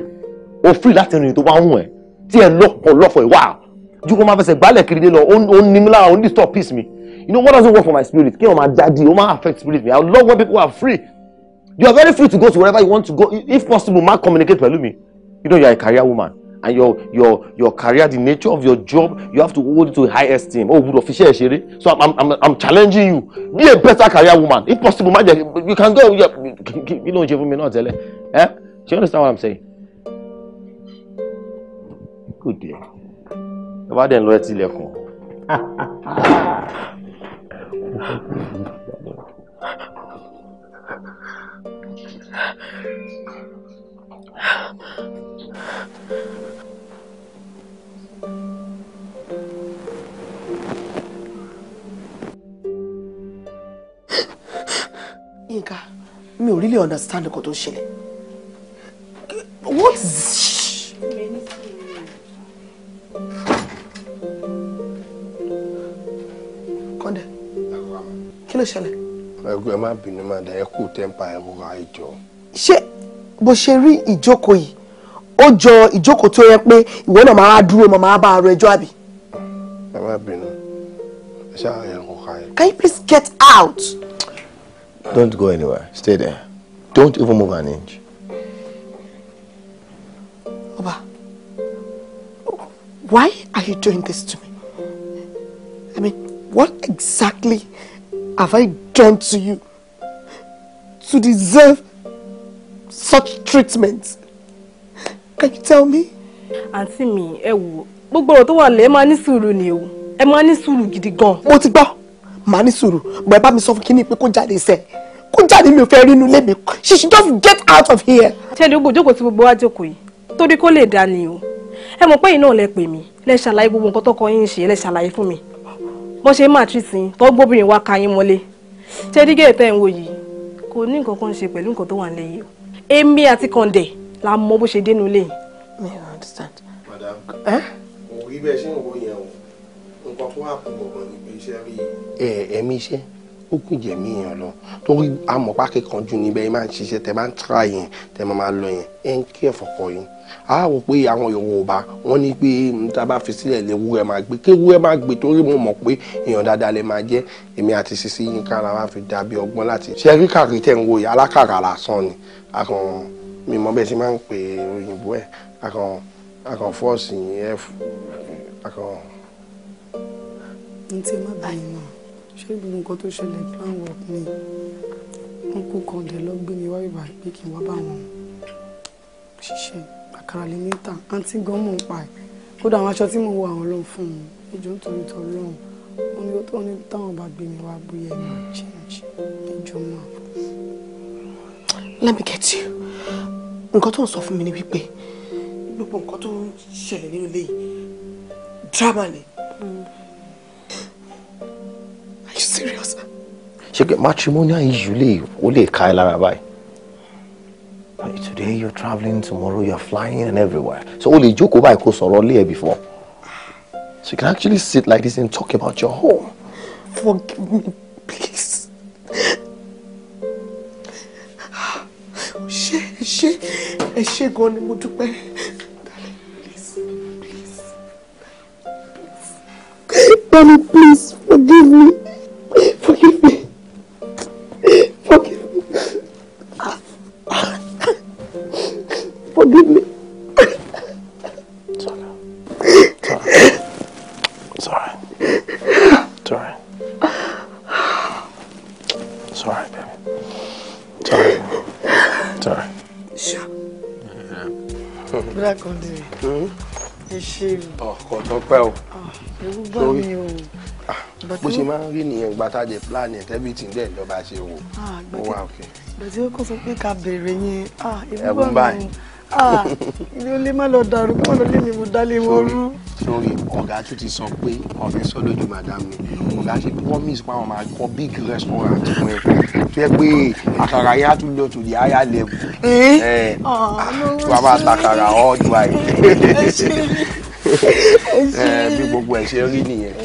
o free láti rìn tó bá ń wọ̀ ẹ́ tí ẹ lọ́pọ̀ lọ́pọ̀ ẹ̀ wá ju kó máa fẹsẹ̀ gbálẹ̀ kiri dé lọ ó ní mi lára ó ní stop peace mi you know what doesn't work for my spirit kí wọn máa jáde ó máa affect spirit mi i love when people are free you are very free to go to wherever you want to go if possible ma communicate pẹ̀lú mi you know you are a career woman and your your your career the nature of your job you have to hold it to high esteem oh good fi ṣe so i'm i'm i'm challenging you be a better career woman if possible má you can go You know, ń ṣe fún mi náà tẹ́lẹ̀ eh do you understand what i'm saying good day ẹ bá dẹ̀ ń lọ ẹ tilẹ̀kùn. Thank Inka, me really understand nǹkan tó ń What is Kọ́ndé, kí ló ṣẹlẹ̀? Ẹ má bínú máa dá ẹ kú tẹ́ńpà ẹ̀rọ àìjọ. Ṣé bó ṣe rí ìjókòó yìí ó jọ ìjókòó tó yẹ pé ìwọ náà máa dúró máa máa bá ara ẹjọ́ àbí. ẹ má bínú ẹ ṣáà yẹn kò ká yẹn. Can you please get out. Don't go anywhere. Stay there. Don't even move an inch. Oba, why are you doing this to me? I mean, what exactly have I done to you to deserve such treatment? Can you tell me? Àǹtí mi, ẹ wò, gbogbo ọ̀rọ̀ tó wà lẹ́ máa ní ni o. Ẹ máa ní sùúrù gidi gan. Mo ti gbọ́, màá ni sùúrù, bọ̀ ẹ bá mi sọ fún kíní pé kó jáde iṣẹ́. Kó jáde mi ò fẹ́ rí inú mi. She should just get out of here. Ṣé ẹni ògbójókòó tí gbogbo wa jókòó yìí? Torí kó lè dani ni o. Ẹ mọ̀ pé yìí náà lẹ pè mí, lẹ ṣàlàyé gbogbo nǹkan tọkọ yín ṣe, lẹ ṣàlàyé fún mi. Bọ́ ṣe máa tì sí, tọ́ gbóbìnrin wa ka yín mọ́lé. Ṣé dígẹ̀ tẹ́ ń wo yìí? Kò ní nǹkan kan ṣe pẹ̀lú nǹkan tó wà nílẹ̀ yìí Emi ati kàndẹ̀ la mọ bó ṣe dénú lé mi understand. madam Eh? bẹ́ẹ̀ ṣé ń wo yẹn o nǹkan tó wà kún gbọ̀ngàn níbi iṣẹ́ rí. ẹ ẹ̀mí iṣẹ́ ó kún jẹ̀mí yẹn lọ torí amọ̀pá kíkanjú níbẹ̀ yẹn máa ń ṣiṣẹ́ tẹ́ máa ń tra yẹn tẹ́ máa lọ yẹn ẹ̀ ń kí ẹ̀fọ̀kọ yẹn a rò pé àwọn Yorùbá wọn ní pé tá a bá fi sílẹ̀ léwúrẹ́ máa gbé kéwúrẹ́ mo mọ̀ pé èèyàn dáadáa lè máa jẹ́ èmi àti Sisi Yinka la wá fi dàbí ọgbọ́n láti ṣe rí kàrí tẹ̀ ń wo yìí alákàrà lásán ni akàn mi mọ bẹ́ẹ̀ sí máa ń pè òyìnbó ẹ̀ akàn akàn fọ́ọ̀sì yẹn akàn. n ti má báyìí náà ṣé gbogbo nǹkan tó ṣẹlẹ̀ plan work ni wọn kú kan dẹ̀ lọ gbé mi wá bíbá pé kí n wá bá wọn ṣiṣẹ́ àkàrà lè níta àǹtí gan mò ń pa ẹ̀ kódà àwọn aṣọ tí mo wọ àwọn ló fún un ìjọ nítorí tó lọ́hùn wọn ni táwọn bá gbé mi wá bóyá ẹ̀ máa jẹ́ ẹ̀jọ̀ máa let me get you nǹkan tó ń sọ fún mi ni wípé gbogbo nǹkan tó ń ṣẹlẹ̀ nínú drama ni. are you serious? ṣé pé matrimonial issue lè ó lè ká ẹ lára báyìí. today you're traveling tomorrow you're flying and everywhere so o lè jókòó báyìí kó sọ̀rọ̀ lé ẹ before so you can actually sit like this and talk about your home. forgive me please ẹ ṣé ẹ ṣé ẹ ṣé gan ni mo dúpẹ́. Mommy, please forgive me. Forgive me. Forgive me. Forgive me. bọ̀dá kan lè ẹ ṣe o. ọkọ oh, tó pẹ́ o. Ah, ewu bá mi o. Ah, bó ṣe máa ń rí nìyẹn ìgbà tá a jẹ plan yẹn everything dẹ̀ lọ́ba ṣe wò ah, ó wà òkè. bàtí ó kọ́ sọ pé ká bèrè yẹn ewu mi ilé olè má lọ dàrú kí wọ́n lọ lé mi mo dálé wọn rú. sórí ọ̀gá tún ti sọ pé ọ̀fẹ́ sọ́dọ̀jú madam mi ọ̀gá ṣe promise pé àwọn máa kọ́ big restaurant fún ẹ tó yẹ pé àkàrà yẹn á tún lọ to the higher level eh? Eh, ah, tí wàá máa takàrà all the way eh, bí gbogbo ẹ ṣe rí nìyẹn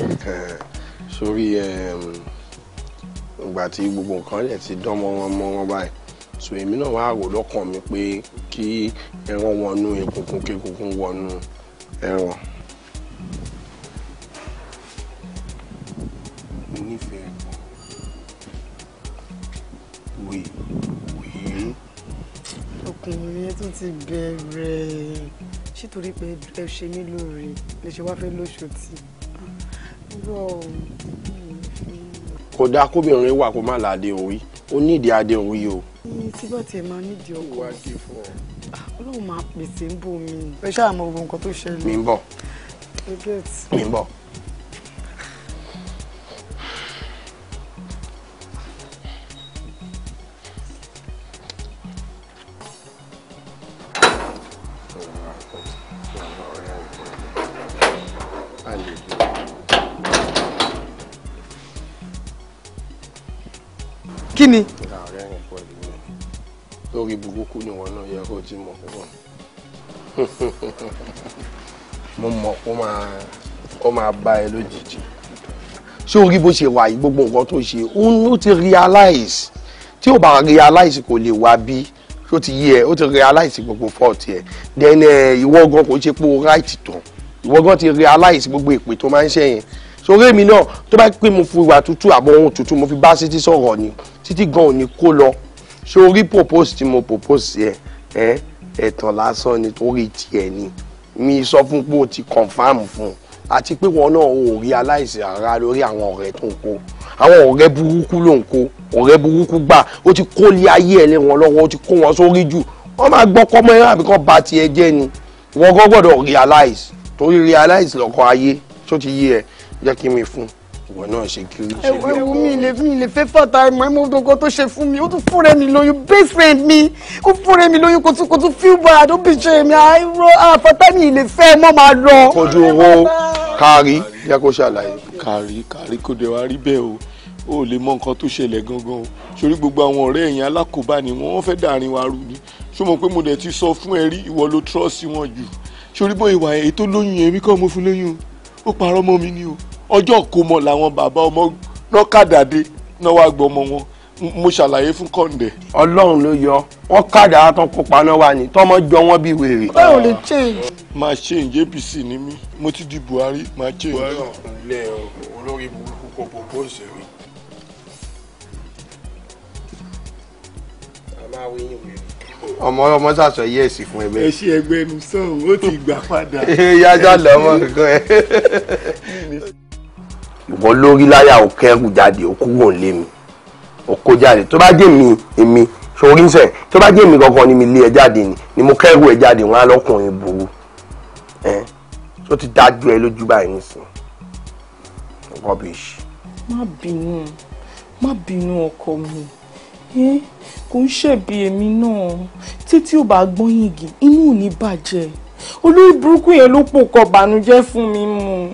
sórí ìgbà tí gbogbo nǹkan yẹn ti dán mọ́rán-mọ́rán báyìí so èmi náà wá rò lọ́kàn mi pé kí ẹran wọnú egungun kégungun wọnú ẹran ọkùnrin ẹ tún ti bẹ̀rẹ̀ ṣé torí pé ẹ ṣe mí lóore lè ṣe wá fẹ́ lóṣù tí. kò dáa kóbìnrin wà kó má la àdéhùn wí ó nídìí àdéhùn wí o. tí bá tiẹ̀ máa nídìí ọkọ ọlọ́run máa pèsè ń bò mí ẹ ṣáà mọ gbogbo nǹkan tó ṣẹlẹ̀. mi ń bọ̀. mi ń bọ̀. ni. ààrẹ rìn pọ̀ nínú lórí burúkú ni wọn náà yẹ kó tí mọ̀ fún wọn. mo mọ̀ kó máa kó máa bá ẹ lójijì ṣé o bó ṣe wà yìí gbogbo nǹkan tó ṣe ó ti realize tí ò bá realize kò lè wá bí ṣó ti yé ó ti realize gbogbo fault ẹ then eh, ìwọ gan kò ṣe pé o right tán ìwọ gan ti realize gbogbo èpè tó máa ń ṣe yẹn sórí èmi náà tó bá pè mo fi ìwà tútù àbọ̀ ohun tútù mo fi bá sí ti sọ̀rọ̀ ni títí gan ò ní kó lọ ṣé orí propose tí mo propose yẹ ẹ̀tàn lásán ni torí tiẹ̀ ni mi sọ fún pé o ti confam fún un àti pé wọn náà ò rí aláìsí ara lórí àwọn ọ̀rẹ́ tó ń kó àwọn ọ̀rẹ́ burúkú ló ń kó ọ̀rẹ́ burúkú gbà ó ti kó lé ayé ẹ̀ lé wọn lọ́wọ́ ó ti kó wọn sórí jù wọ́n máa gbọ́ kọ́mọ ẹ̀rọ àbí kan ba tiẹ̀ ni wọ́n gbọ́dọ̀ realize torí realize lọ́kọ̀ ayé tó ti yé ẹ jẹ́ kí mi fún un ìwọ náà ṣe kí o ṣe lọ́kọ. ẹwọ mi lè mi lè fẹ́ fàtà ẹ̀mọ́ ẹ̀mọ́ ọdọ́gọ́ tó ṣe fún mi ó tún fúnra mi lóyún best friend mi ó fúnra mi lóyún kò tún kò tún feel bad ó bì ṣe mi àìrọ àfàtà mi lè fẹ́ mọ́ máa lọ. kojú owó kárí jẹ́ kó ṣàlàyé kárí kárí kò dé wá rí bẹ́ẹ̀ o o lè mọ nǹkan tó ṣẹlẹ̀ gangan o sórí gbogbo àwọn ọ̀rẹ́ ẹ̀yìn alákòóbá ni wọ́n fẹ́ dàrin wa rú ni ṣó pé mo dẹ̀ ti sọ fún ẹ rí ìwọ ló trọ́ọ̀sì wọn jù sórí bó ìwà èyí tó lóyún yẹn mi kọ́ mo fún lóyún o ó parọ́ mọ́ mi ni o ọjọ́ kòmọ̀ làwọn bàbá ọmọ náà kàdàdé náà wá gbọ́ ọmọ wọn mo ṣàlàyé fún kọ́ńdé. ọlọ́run ló yọ wọn kàdà tán kópa náà wà ní tọmọ jọ wọn bí wèrè. báwo lè change. máa change apc ni mí mo ti di buhari máa change. buhari lẹ olórí burúkú kò propose rí. ọmọ ọmọ sàṣọ yẹsì fún ẹgbẹ. ẹ ṣe ẹgbẹ ẹnu sọhùn ó ti gbà padà. yájá lọmọ nǹkan ẹ ìwọ lórí láyà ò kẹrù jáde ò kúrò nílé mi ò kó jáde tó bá jẹ́ mi èmi sori ń sẹ̀ tó bá jẹ́ mi kankan ni mi lé ẹ jáde ni ni mo kẹrù ẹ jáde wọn á lọkùnrin burú ẹ tó ti dájú ẹ lójú báyìí nísìn rubbish. má bínú má bínú ọkọ mi kò ń ṣẹ̀bi èmi náà títí ò bá gbọ́n yìngì inú ò ní bàjẹ́ olórí burúkú yẹn ló pò kọ bànújẹ́ fún mi mu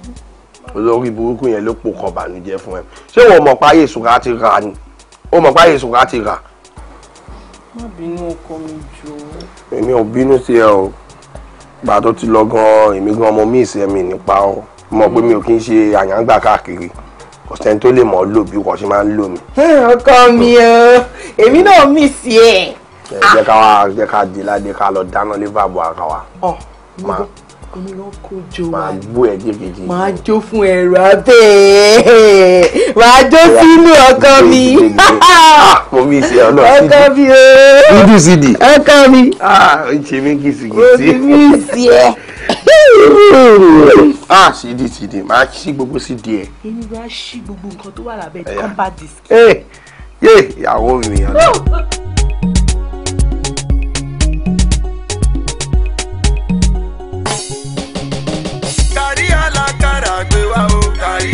olórí burúkú yẹn ló pò kan bànújẹ́ fún ẹ ṣé wọn mọ̀ páyé ìṣúra ti rà ni ó mọ̀ páyé ìṣúra ti rà. má bínú ọkọ mi jù èmi ò bínú sí ẹ o gbà tó ti lọ gan èmi gan ọmọ mi ìsẹmi nípa ọ mọ̀ pé mi ò kí ń ṣe àyàngbà káàkiri kò sẹ́ni tó lè mọ̀ ọ́ lò bí wọ́n ṣe máa ń lò mí. ọkọ mi o èmi náà mì sí ẹ. jẹ́ ká wá jẹ́ ká di ládé ká lọ dáná lé bàbá àkàwà. ọ̀ èmi náà kò jó wa máa jó fún ẹ̀rọ abẹ́ máa jó sínú ọkọ mi ọkọ mi o dúdú sídì ọkọ mi ṣe mí kìsìkìsì mi sí ẹ. a sídì sídì máa ṣí gbogbo sídì ẹ. èmi bá ṣí gbogbo nǹkan tó wà lábẹ́ combat disc. ee eh, ìyàwó mi ọ̀la. tá aí